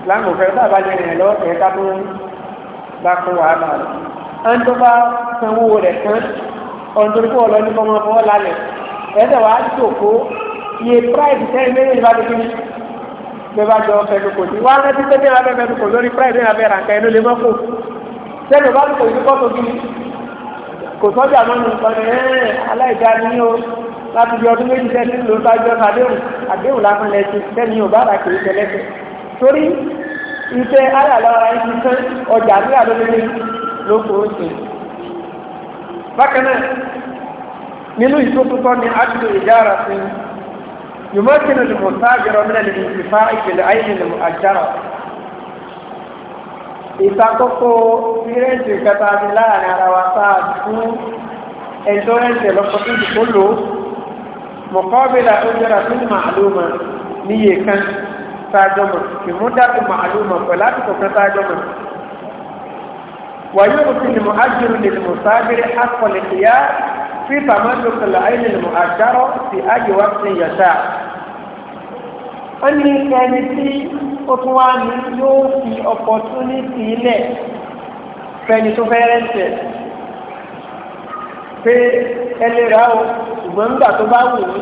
islam ò fẹ́ bàbá lè rìn lọ́wọ́ kẹ́ ká tó bá fún wàhálà rẹ̀ ẹn tó bá sanwó rẹ̀ tán ọ̀n tó ní kó lọ ní kọ́mọ fọwọ́ lálẹ̀ ẹ̀ẹ́dẹ̀ wàá jòkó iye pride sẹ́yìn méjèèjì bá dókè ní bẹ́ẹ̀ bá jọ fẹ́ dókò sí wàá rántí pé bẹ́ẹ̀ bá fẹ́ dókò lórí pride ní abẹ́rẹ́ àǹkà ẹnu lè mọ́kò sẹ́yìn bá dókò sí kọ́tò bí kò sọ́jà mọ́nu nǹkan ẹ̀ẹ́n aláìjà ni ó láti bí ọdún méjì sẹ́yìn ló bá jọ àdéhùn àdéhùn lápẹ́lẹ́sì sẹ́yìn ò bá rà kì í torí iṣẹ́ ayàlọ́ra ibi kan ọjà ní àlọ́lẹ́lẹ́ ló fòó ṣe bákan náà nínú ìtókùtọ́ ni àtúntò ìjára sí يمكن المتاجر من الانتفاع بالعين المؤجرة ìtakókò fírẹ́ǹsì kẹta ni láàrin ara wa sáà fún ẹ̀ńtọ́rẹ́ǹsì lọ́kọ̀tún ìkólò níye kan tájọ́ mọ̀ ìmúdàtò màálù mọ̀ pẹ̀lú àtìkò kan tájọ́ mọ̀. wàyí òkú ni mo ájúrò lè mọ̀ sábẹ́rẹ́ akọlẹ̀ ìyá fífà máa ń lo kọlà ayé lè mọ̀ àjárọ̀ sí ayé wa fi yàtà. ó ní ẹni tí ó tún wá ní yóò fi ọkọ̀ tún ní sílẹ̀ fẹ́ni tó fẹ́ rẹ́ǹtẹ̀ pé ẹlẹ́ra o ṣùgbọ́n nígbà tó bá wù ú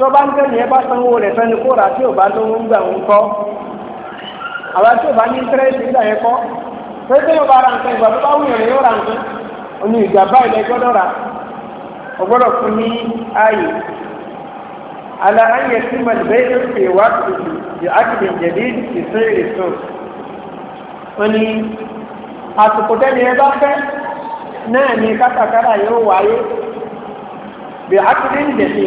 tó bá ń tẹ̀lé ẹ bá sanwó rẹ̀ fẹ́ni kó rà tí ò bá lówó ń gbà ń kọ́ àwa tí ò bá ní ìtẹ́rẹ́sì ń gbà yẹn kọ́ pé tí yóò bá ra nǹkan ìgbà tó bá wùyàn yóò ra nǹkan òní ìgbà báyìí lẹ gbọ́dọ̀ rà ọ gbọ́dọ̀ fún ní ààyè ala an yẹ sí mọ̀lẹ́bẹ́ yóò fi wá tuntun di akidin jẹ̀dí ìsìn ìrìnsò wọn ni àsìkò tẹ́lẹ̀ ẹ bá fẹ́ náà ni kátàkárà yóò wáyé bí akidin jẹ̀dí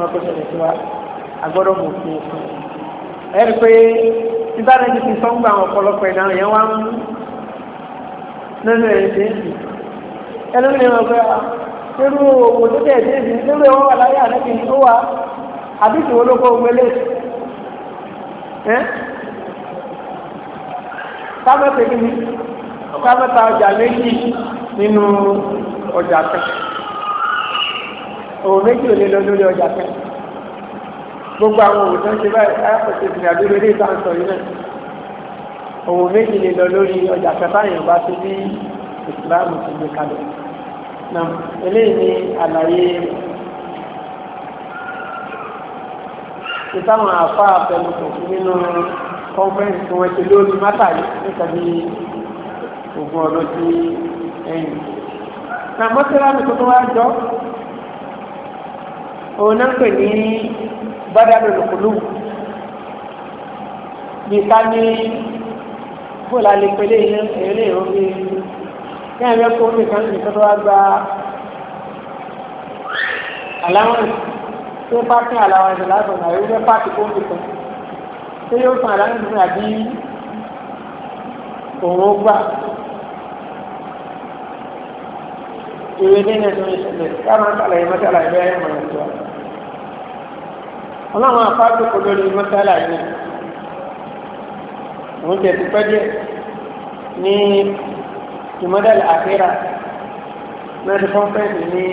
wọn kó ṣẹlẹ̀ sí wa agbọ́dọ̀ mọ̀ fún un fún un. ẹ rí i pé nígbà náà ti fi sọ́ngbà àwọn ọ̀pọ̀lọpọ̀ ìdáhùn yẹn wá ń nínú ẹ̀ ṣe é sì ẹlẹ́nu ni wọn pé irú òwò tó tẹ̀ ṣe é sì nínú ẹ̀ wọ́n wà láyé àlẹ́kì tó wà àbí ìṣòwò ló kọ́ gbélé ẹ́ sábẹ́ pé kí ni sábẹ́ ta ọjà méjì nínú ọjà kan òun méjì ò lè lọ lórí ọjà kan gbogbo àwọn òwò tó ń ṣe báyìí àpòtò ìsìn àbí lórí ìta ń sọ yìí náà òwò méjì lè lọ lórí ọjà kan táyàn bá ti bí ìsìláàmù ti gbé kalẹ̀ náà eléyìí ni àlàyé ìtàwọn àfa àfẹnukò nínú kọ́nfẹ́ǹsì tí wọ́n ti lórí mátàlí nítorí ogún ọdún tí ẹ̀yìn. náà mọ́sálásí tuntun wá jọ òun náà pè ní bádàlú lùkùlù bí ká ní bóòlà lè pèlè ilé ìrún kó omi kan nìkan tó wá gba àláwọn tó pàtí àláwọn ìṣẹ̀lá àtọ̀nà ìwúrẹ́ pàtí kó omi kan tó yóò fún àláwọn ìṣẹ̀lá àbí òun ó gbà ìwé ní ẹ̀sìn ìṣẹ̀lẹ̀ káwọn àtàlàyé mọ́tàlàyé bẹ́ẹ̀ mọ̀ ẹ̀sọ́ ọlọ́run àpáàtó kò lórí mọ́sálà yìí òun tẹ̀ ti pẹ́ díẹ̀ ní ìmọ̀dàlẹ̀ àfẹ́rà lórí kọ́ńfẹ́ǹsì ní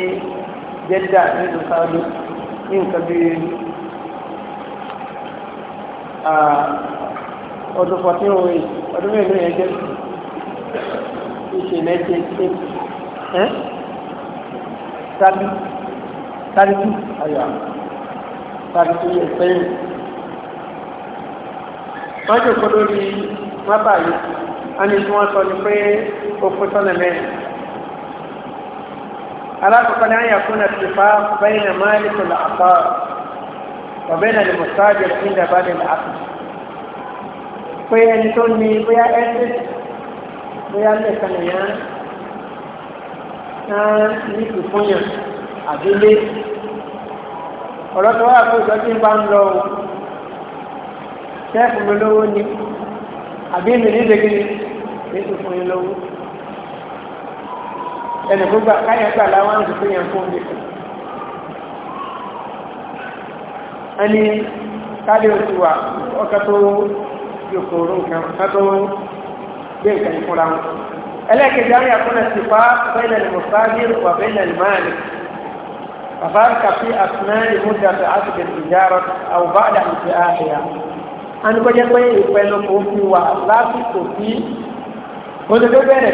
jẹ́dà nílùú sáwọ́dún ní nǹkan bí ọdún fourteen oh eight ọdún mélòó yẹn jẹ́ ìṣẹ̀lẹ̀ ṣe ṣe ẹ́ sábì sábì ayọ̀ àwọn tàbí tó yẹ sẹ́yìn wọ́n jòkó lórí mọ́bà yìí wọ́n ní tí wọ́n sọ ní pé ó kó sọ́nà mẹ́rin alákọ̀ọ́kọ́ ní àyà fún àti fa bẹ́yìn máàlì tó là àpá ọ̀bẹ́nà lè mọ̀ sáájẹ̀ fún ìdàbà lè là pé ẹni tó ní bóyá ẹ́sẹ̀ bóyá lẹ́ẹ̀kan nìyẹn ní ìfúnyàn àdílé ọ̀rọ̀ tó wà fún ìjọ tí ń bá ń lọ o sẹ́ẹ̀fù mi lówó ni àbí mi ní ìdè kiri ètò fún yín lówó ẹnì gbogbo káyọ̀ gbà láwọn àti fún yẹn fún mi. ẹni káde oṣù wa ọkọ tó yòkòrò nǹkan ọkọ tó gbé nǹkan fúnra wọn ẹlẹ́kẹ̀jẹ̀ àwọn yàtọ̀ náà ti fa bẹ́ẹ̀ فبارك في أثناء مدة عقد التجارة أو بعد انتهائها أنا بجي بي يفعلوا كوفي وأخلاقي كوفي wọ́n tó bẹ̀rẹ̀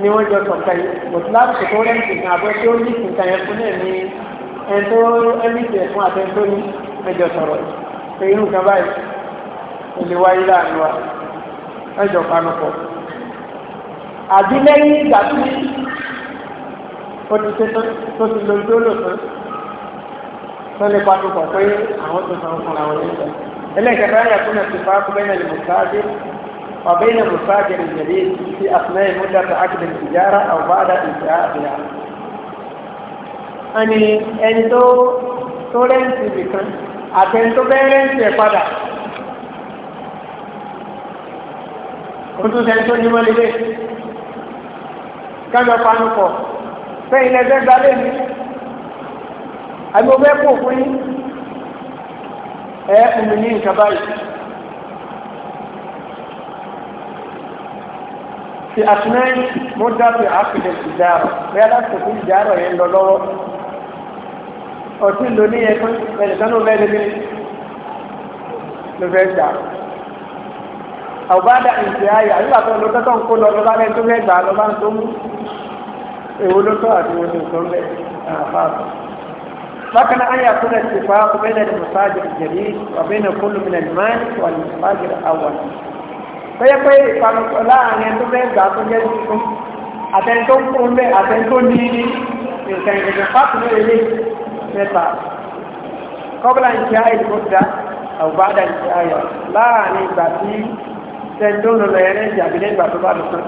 ni wọ́n jọ sọ̀tà yìí mọ̀tíláàpù tó rẹ̀ ń tì kan àbọ̀ tó ní tìǹkà yẹn fún ẹ̀ ní ẹni tó ẹni tẹ̀ fún àtẹ̀ntó ní ẹjọ sọ̀rọ̀ pé irú kan báyìí ó wáyé láàánú wa ẹjọ panu pọ̀ àbí lẹ́yìn ìgbà tí ó ti ṣe tó ti lo ojú olò tán tó lè pàtó pọ̀ pé àwọn tó san fúnra wọn nígbà ẹlẹ́kẹ̀ẹ́fẹ́ ayà tó nà ti fa kó bẹ́ẹ̀ lè mùsáájú ọ̀bẹ́ ilẹ̀ mùsáájú ìjẹ̀lẹ̀ sí àfúnáyé múdà tó ákìlì ìjára àwòbáàdà ìjà àbíyá. ẹni ẹni tó tó rẹ́ǹtì nìkan àtẹni tó bẹ́ẹ̀ rẹ́ǹtì ẹ̀ padà kó tó sẹ́ni tó ní mọ́lẹ́lẹ́ kájọ panupọ̀ fẹ́yìn lẹ́gbẹ́ gba lẹ́nu àbí o fẹ́ kó fún yín ẹ omi ní nǹkan báyìí ti àtúnáyìn mo dábì àfihàn ìjárọ̀ bẹ́ẹ̀ láti fún ìjárọ̀ yẹn lọ lọ́wọ́ ọtí lò ní yẹn fún ẹnìkan ló fẹ́ lé ló fẹ́ gbà àwòbá dà ìjẹ́ àyà nígbà tó lọ tọ́tọ́ ń kó lọ lọ́ba lẹ́nu tó ń mú èwo ló tọ́ àti wọn ní nǹkan lẹ́ àfáàfà bákan náà ayà kúrẹ̀ sí fa ọbẹ̀ náà ní mùsáàjì ìjẹ̀bí ọbẹ̀ náà kúlù mi náà ní máa ń wà ní mùsáàjì àwọn bẹ́ẹ̀ pé ìpanupọ̀ láàrin ẹni tó fẹ́ gbà tó jẹ́ tuntun àtẹni tó ń kún bẹ́ẹ̀ àtẹni tó ní ní nǹkan ìrìnàjò fáàkùn náà lè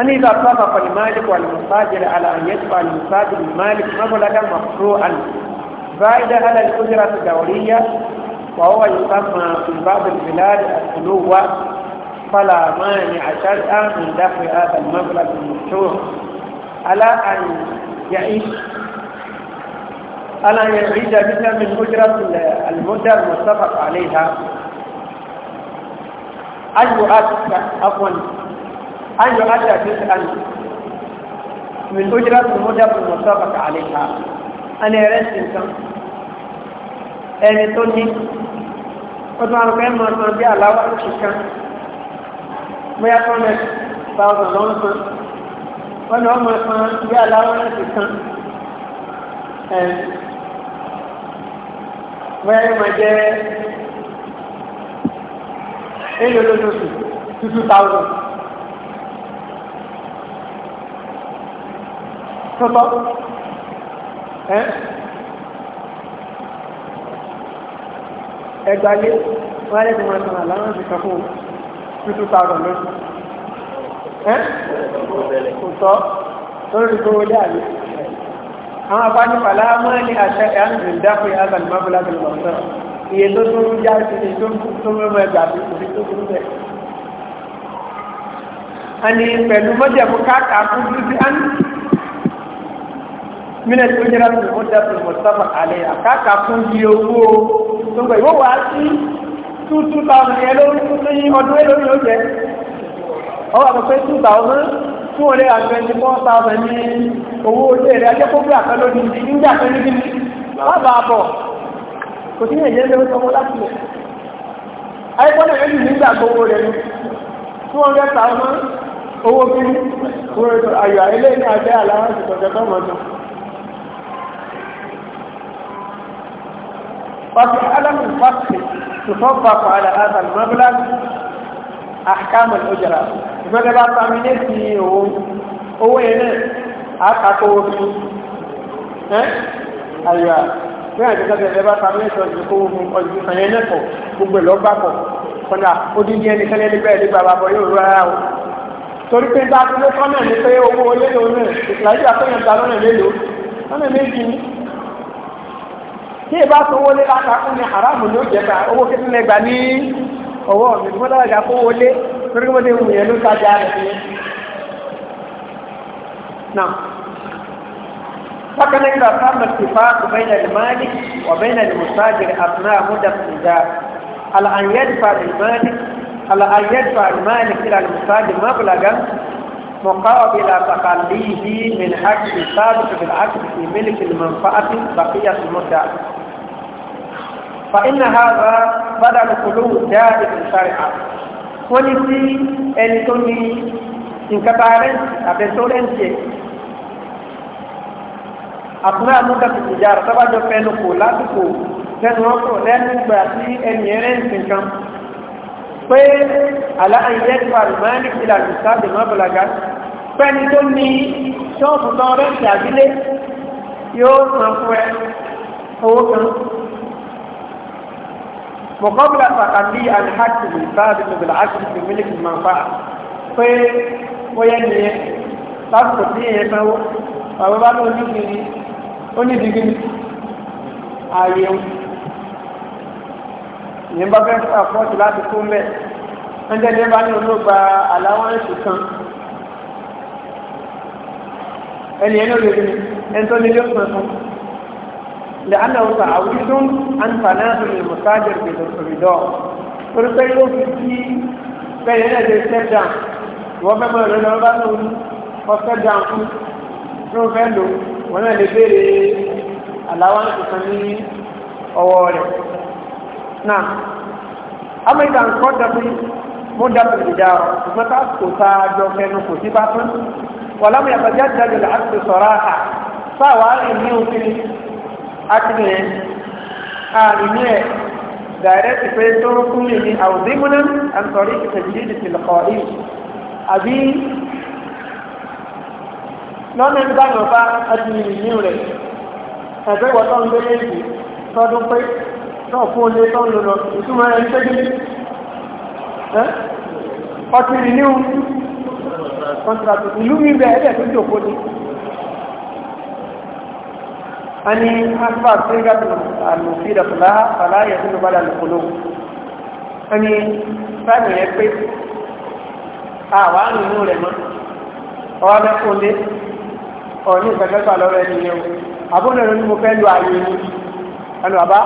أن إذا صرف المالك والمصادر على أن يدفع المصادر المالك مبلغا مفروعا زائدا على الأجرة الدورية وهو يسمى في بعض البلاد الخلوة فلا مانع شرعا من دفع هذا المبلغ المفتوح على أن يعيش على أن يعيد جزءا من أجرة المدة المتفق عليها أن أكثر عفوا an yi adda fi su an min ujira su muda bu musafa ka alika an yẹrẹ sinsan ẹni tó ní ó tún àrùkọ ẹmọ ọsàn bí aláwọ ṣìkan bóyá tó ní báwọn lọ ń san wọn ni wọn mọ san bí aláwọ ṣìkan bóyá yóò máa jẹ èlò lóṣooṣù two two thousand. tọ́tọ́ ẹgbàlé wọ́n á lẹ́gbẹ̀ẹ́ máa tàn àláwọ̀ sí kan fún two thousand lóṣù kò tọ́ lórí tó wọlé àlè àwọn afáàní pàlá máa ní àṣẹ ẹ̀hánìsì ń dákùn yà àgbàlì máa bọ́lá bẹ̀rẹ̀ lọ́sọ̀ iye tó tó ń já sí ni tó mẹ́mọ́ ẹgbà tó fi tó burú bẹ̀. a ní pẹ̀lú mọ́jẹ̀kú káàkiri fún bíbí á ní mílẹ̀ tó jẹ́ láti ó dẹ́kun mọ̀sáfà àlẹ́ àkáàkà fún iye owó tó gbẹ̀ yóò wá sí two two thousand yẹn lórí tuntun yín ọdún yẹn lórí oúnjẹ ọwọ́ àpò pé two thousand two hundred and twenty thousand ní owó ojú ẹ̀rẹ́ ajẹ́kọ́gbé àkàlódì nígbà tó ní kíni bàbá àbọ̀ kò sí ẹ̀yẹ́ lórí ọmọ láti lẹ̀ ayébọ́lẹ̀ méjì nígbà gbogbo rẹ̀ thousand owó kíni ayọ̀ ayẹlẹ́yìn àjẹ́ àlàáfíà ìtọ́jọ́ tó mọ̀ وبقلم الفصل تصفق على هذا المبلغ أحكام الأجرة ìgbẹ́lẹ̀ لا tàmílé sí òun owó ẹ̀rẹ́ àkàkọ́ orí ẹ́ àyà pé àjẹ́gbẹ́ ẹ̀rẹ́ bá tàmílé sí ọjọ́ kó ohun ọjọ́ ìfẹ̀yẹ́ lẹ́kọ̀ọ́ gbogbo ẹ̀lọ́gbàkọ̀ kọ́nà odindi ẹni sẹ́lẹ̀ nígbà ẹ̀lẹ́ gbà bàbọ̀ yóò rọ ara o torí pé bá tún lé kọ́nà ní pé owó olélòó náà tí ìbá tó wọlé láta fún mi haramu ló jẹ ká owó kí tún ẹgbà ní ọwọ́ mi mo dára ìjà kó wọlé torí mo lè wù yẹn ló sájà rẹ̀ náà فكان إذا قام الاتفاق بين المالك وبين المستاجر أثناء مدة الإيجار على أن يدفع المالك على أن يدفع المالك إلى المستاجر مبلغا مقابل تخليه من حق السابق بالعكس في ملك المنفعة بقية المدة فإن هذا بدل خلو جائز الشريعة ولسي أنتوني إنكتارنس أبنتورنسي àtúnrà múdàtí ìjà àtàbàjọ fẹnu kò lásìkò fẹnu ọkọ lẹnu ìgbà sí ẹnìyẹrẹ nǹkan pé aláàyẹ́ fàrùmánì ìlà ìsáàbì má bọ̀lága pẹ́ni tó ní ṣọ́ọ̀fù tán rẹ́ǹtì àbílé yóò san fún ẹ owó kan mọ̀kọ́bùlà pàtàkì alhaki ìsáàbì mọ̀bìlà ákìlì mílíkì máa fà pé bóyá nìyẹn lásìkò tí èèyàn sanwó bàbá bá lóun ní ìdígí ààyè òun ìyẹn bá fẹ́ àpọ́ọ̀tì láti kó mbẹ́ ẹ̀ńdẹ́ ní bá ní olóògbà aláwọ̀nsì kan ẹni ẹni olè ní ẹni tó nílé òkùnrin fún lẹ́hánà òkà àwùjọ́n àǹfààní ní mọ̀sáàjì ìgbèdọ̀ torí pé yóò fi kí bẹ́ẹ̀ náà lè step down wọ́n fẹ́ mọ̀ ẹ̀rọ bá lò ní step down fún tí wọ́n fẹ́ lò wọ́n náà lè béèrè aláwọ̀nsì kan ní ọwọ́ rẹ̀ náà amẹ́ta nǹkan dàbí mo dàbí ìdá mẹ́ta kò tá a jọ kẹnu kò sí bá tán wà lámì àbájá jáde láti sọ̀rọ̀ àhà sáwà ìní òfin akíni ẹ̀ àìní ẹ̀ dàrẹ́tì pé tó kúnlẹ̀ ní àwùdímúná àǹtọ̀rí ìtẹ̀jìdì tìlọ̀kọ̀ yìí àbí lọ́nà ìgbàlọ́fà àti ìrìnnú rẹ̀ ẹ̀fẹ́ wọ́tọ́ ń gbé lẹ́yìn tọdún pé ṣọ́ọ̀fún olè tó ń lò lọ ìtumọ̀ ẹni tó gbé ọtí renew contract ìlú mi bẹ ẹ̀ẹ́dẹ̀ tó jòkó ni a ní asfaw tí ga àlùfí ìdàkùnlá àláyé tó bá lálùkùnlò a ní sáàmì ẹ pé àwà nínú rẹ̀ mọ́ ọwá mẹ́kúnlé ọ̀ní ìgbàgbẹ́gbà lọ́rọ̀ ẹni yẹn àbúrò ní mo fẹ́ lo ààyè ni ẹnu àbá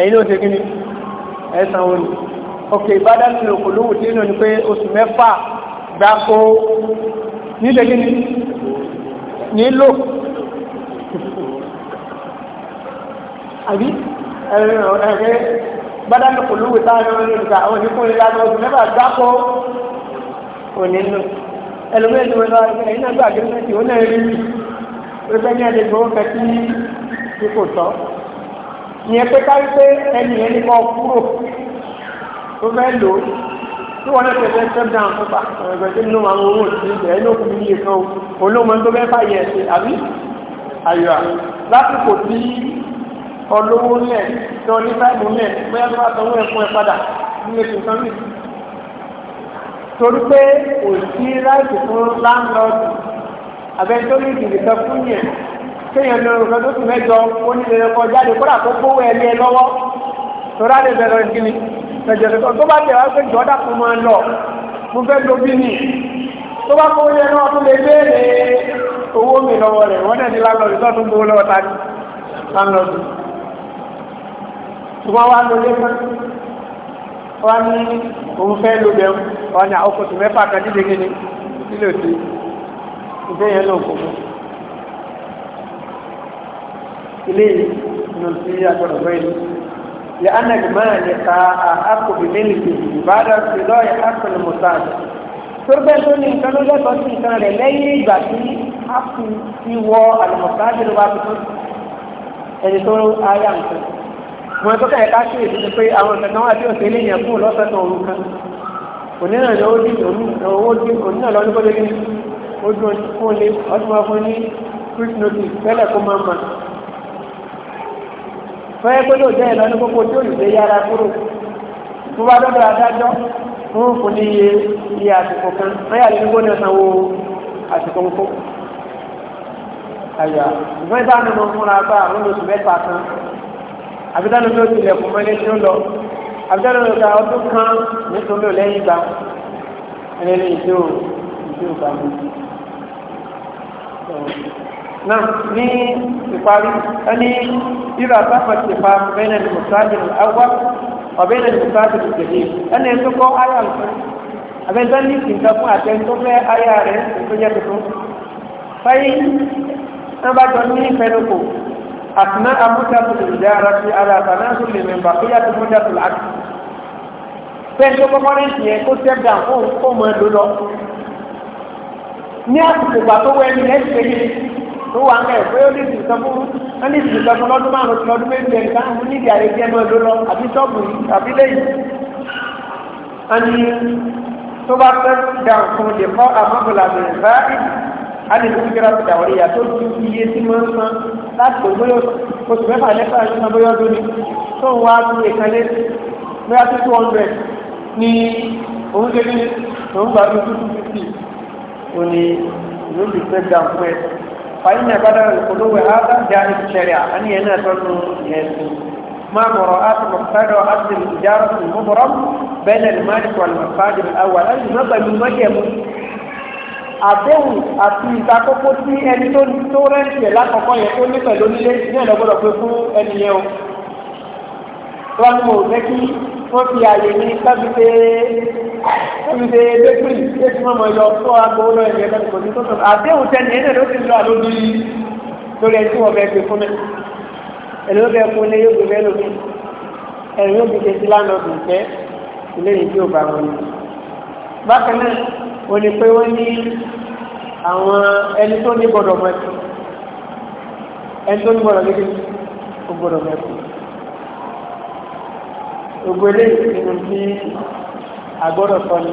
ẹ̀yin ló ṣe kí ni ẹ̀sán wo ni ok ìbádánù lòkò lówó tí nínú ni pé oṣù mẹ́fà gbáko níṣe kí ni nílò àbí ẹ̀rẹ́ gbádánù lòkò lówó táwọn ẹ̀rọ ìgbà àwọn ìdíkùn ìlànà oṣù mẹ́fà gbáko òní nù ẹlòmíì ni wọn lọ ẹ̀yin náà gbàgbé mẹ́tì ó náà rí rí pé bẹ́ẹ̀ ni ẹ̀ lè gbọ́ kẹ́kí tí kò tọ́ ìyẹn pé kárí pé ẹni yẹn ní kọ́ kúrò tó fẹ́ lò ó tí wọ́n lẹ́sẹ̀ fẹ́ step down tó bá ẹgbẹ́ tí nínú àwọn owó òsì ìgbẹ́ ẹni òkú níye kan o olóòmọ tó fẹ́ fàyè ẹ̀sẹ̀ àbí àyọ̀ lásìkò tí olówó lẹ̀ tí wọ́n ní táìmù lẹ̀ bóyá tó bá sanwó ẹ̀fún ẹ padà nílé tó sán mi. torí pé kò sí láìsí fún láńlọ́ọ̀dù àbẹ́ńtórí ìdìbò fún yẹn kéèyàn lóru kan tó tù mẹ́jọ ó ní lèrè kọ jáde kódà tó gbówó ẹni ẹ lọ́wọ́ torí àlè bẹ̀rẹ̀ ìkíni ẹ̀jẹ̀ tó bá tẹ̀ wá pé jọ́dá kan máa lọ mo fẹ́ lo bí ni tó bá kó yẹ náà tó lè béèrè owó mi lọ́wọ́ rẹ̀ wọ́n dẹ̀ ní lálọ́ọ̀dù tó tún gbówó lọ́wọ́ tani lálọ́ọ̀dù tó bá wá lo lé fún wa ní òun fẹ́ lo bẹ̀rù wọn ni àwọn kòtò mẹ́fà kan dídé gíní nílò sí ìgbéyẹn lóko fún un eléyìí nù sí agbọ̀dọ̀ lóyìn lè anagimá lè ka àhàkù bìbélì bìbí ìbára sí lọ́ọ̀yà àkùnrin mùsáàdì torípé tó ní nǹkan ló lẹ́tọ̀ọ́ sí nǹkan rẹ̀ lẹ́yìn ìgbà tí a kù ti wọ àlùmọ̀sáàdì ló bá tuntun ẹni tó ayà nǹkan mo tó kàn ká sí ìdílé pé àwọn nǹkan kan wà tí òsè lè yàn fún lọ́sọ̀tàn òru kan onínà ló dín owó fẹ́ pé yóò jẹ́ ìlànà gbogbo tí olùgbé yára kúrò tó bá dọ́dọ̀ adájọ́ fún fún ní iye iye àsìkò kan fẹ́ àti nígbó ní ọ̀sán wo àsìkò ń kó. àyà ìfẹ́ dáná ló múra bá àwọn oṣù mẹ́ta kan àbídáná ló tilẹ̀ fún mọ́lé tí ó lọ àbídáná ló ta ọdún kan nítorí ò lẹ́yìn ìgbà ẹni ní ìdí ò ìdí ò bá mi náà ní ìparí ẹni ìrà sáfàtì pa bẹ́ẹ̀nẹ̀ ní mùsáàdì àwọ̀ ọ̀bẹ́ẹ̀nẹ̀ ní mùsáàdì ìgbèlè ẹni tó kọ́ ayà lọ́sẹ̀ àbẹ́sẹ̀ ní ìsìnká fún àtẹ́ni tó fẹ́ ayà rẹ̀ tó jẹ́ tuntun fáyé wọ́n bá jọ ní fẹ́lẹ́kò àtúná amúdàtò ìdára sí ara àtànáṣù lè mẹ́mbà kí yàtọ̀ múdàtò láti pẹ́ńtó tó wà mẹ́ pé ó lè sì sọ fún wọ́n lè sì sọ fún lọ́dún márùn-ún sí lọ́dún méjì ẹ̀ka wọn ní ìdí àrètí ẹnu ọdún lọ àbí sọ́ọ̀bù yìí àbí lẹ́yìn. wọ́n ní tó bá fẹ́ dà fún lè fọ́ àmọ́bùlà bẹ̀rẹ̀ bá ìdí alẹ́kùn kíkẹ́rà ti dàwọ̀ ìyá tó ti fi iye tí wọ́n san láti ògbó oṣù mẹ́fà lẹ́fà ní abóyọ́ ọdún ni tó ń wá sí ìkànnì bóyá tó two hundred ní òun ṣe ní òun gbàdúrà two fifty òní ìlú ìfẹ́ dà fún ẹ. فإن بدل القلوب هذا جائز الشريعة أن ينتظر يسوع ما مراءات مقتضى أصل الإجارة المضرب بين المالك والمصادر الأول أي نظر المجمع àdéhùn àti ìtakókó tí ẹni tó rẹ́ǹtì ẹ̀ lákọ̀ọ́kọ́ yẹn tó nífẹ̀ẹ́ lónílé ní ẹ̀lọ́gbọ́dọ̀ pé fún ẹni yẹn o wọ́n ní mo fẹ́ kí wọ́n fi àyè ní sábìté sábìté lẹ́kùrì lẹ́kùrì mọ́mọ́ yọ fún agbowó lọ́yẹ̀ ní ẹgbẹ́ nìkan ní tó sọ̀rọ̀ àdéhùn tẹ́ni ẹ̀dẹ̀ ló ti lọ àlóbi lórí ẹni tí wọ́n fẹ́ gbé fún mi ẹni ló fẹ́ fún ilé yóò gbé bẹ́ẹ̀ lómi ẹni yóò gbé kẹsí lánàá ọdún fẹ́ ilé yìí tí ò bá wọn ni. bákan náà ó ní pé wọ́n ní àwọn ẹni tó ní gbọ́dọ̀ mọ́ ẹni tó ní gbọ́dọ̀ gẹ́gẹ́ gbọ́dọ̀ mọ́ ẹ̀kọ́ gbogbo eléyìí nínú tí agbọ́dọ̀ sọ ni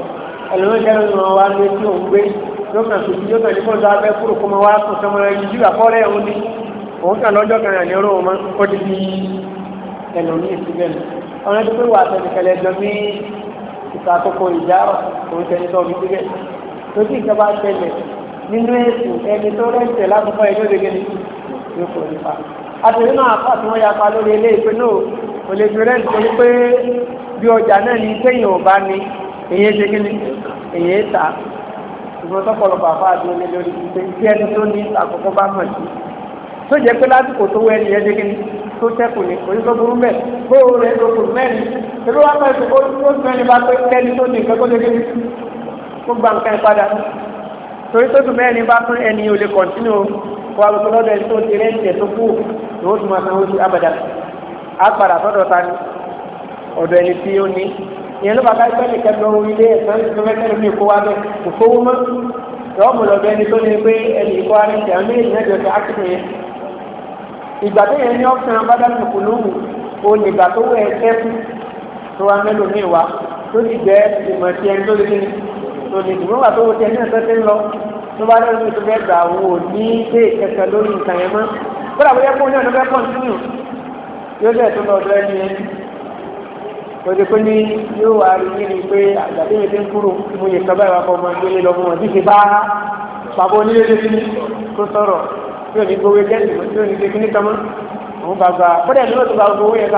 ẹlòmíràn kẹrin ní wọn wá ní tí òun gbé yóò kàn sí yóò kàn ní kó lọ abẹ kúrò kó mọ wá sùn sọmọ yìí jù àkọọ́rẹ́ òun ni òun kàn lọ́jọ́ kan àní oró wọn kó di bí ẹlòmíràn síbẹ̀ ni ọ̀nà tó pé wà á tẹ̀lé kẹlẹ́ jọ ní ìsàkókò ìjà òun tẹ̀lé sọ fún síbẹ̀ tó sì ìjọba tẹ̀lé nínú èsì ẹni tó rẹ̀ǹtẹ̀ lákòókò ẹ̀ lóde gẹ́gẹ́ kò lè fi rẹ́ǹtì torí pé bí ọjà náà ní sẹ́yìn ò bá ní èyí ṣe kí ni èyí ta ṣùgbọ́n tọ́pọ̀lọpọ̀ àfa àti omi lórí ìpè tí ẹni tó ní àkọ́kọ́ bá mọ̀ sí tó jẹ́ pé lásìkò tó wẹ́ ni ẹni kí ni tó tẹ́kù ni kò ní tó burú mẹ́ bó o rẹ̀ ló kù mẹ́rin ìlú wa pẹ̀lú ó tó mẹ́rin bá pé kẹ́ni tó ní nǹkan kó lè kí ni kó gba nǹkan padà torí tó á padà sọ́dọ̀ ta ni ọ̀dọ̀ ẹni tí ó ní ìyẹn ló bá ká ẹgbẹ́ nìkan lọ ilé ẹ̀sán ní ìfẹ́fẹ́ lómi kó wá bẹ́ẹ̀ kò fowó mọ́ lọ́wọ́ mo lọ bẹ ẹni tó ní pé ẹni ìkọ́ ara ti àmì ìyẹn jọ ti ákìtì yẹn ìgbà tó yẹn ní ọ̀sán bá dá tukù lóhùn o ìgbà tó wẹ̀ ẹ̀kẹ́kù tó wá mélòó mi wá tó ti jẹ́ ìmọ̀ ti ẹni tó lé tó ní ìdùnnú wà tó wọ tiẹ̀ ní ẹ̀sẹ̀ ti ń lọ tó bá lọ́ọ́ yóò dẹ̀ tó lọ bẹ́ẹ̀ ni òde pé ní yóò wá rí ní ni pé àgbàdo yẹn ti ń kúrò mo yẹ kábàá ìwà kan ọmọ ìgbélé lọ fún wọn bí ti bá pàbó onílé létí ní kó sọ̀rọ̀ tí ò ní gbowó gẹ́ẹ̀sì tí ò ní ṣe kíní kamọ́ òun bá gba bọ́dẹ̀ ní lọ́tọ̀ bá gbowó yẹn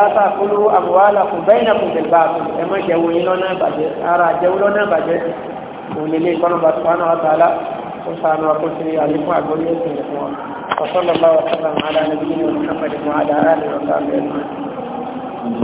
a kúlú àbúwálà kò bẹ́ẹ̀ náà kò tẹ̀lé bá a kò ẹ̀ lọ́nà ìbàjẹ́ ara àjẹ́wó lọ́nà ìbàjẹ́ òun lè lé ìkọ́nà bàtà kó sànù àkóso àlékún àgbóyè ìsìn fún wa. وصلى الله وسلم على نبينا محمد وعلى اله وصحبه اجمعين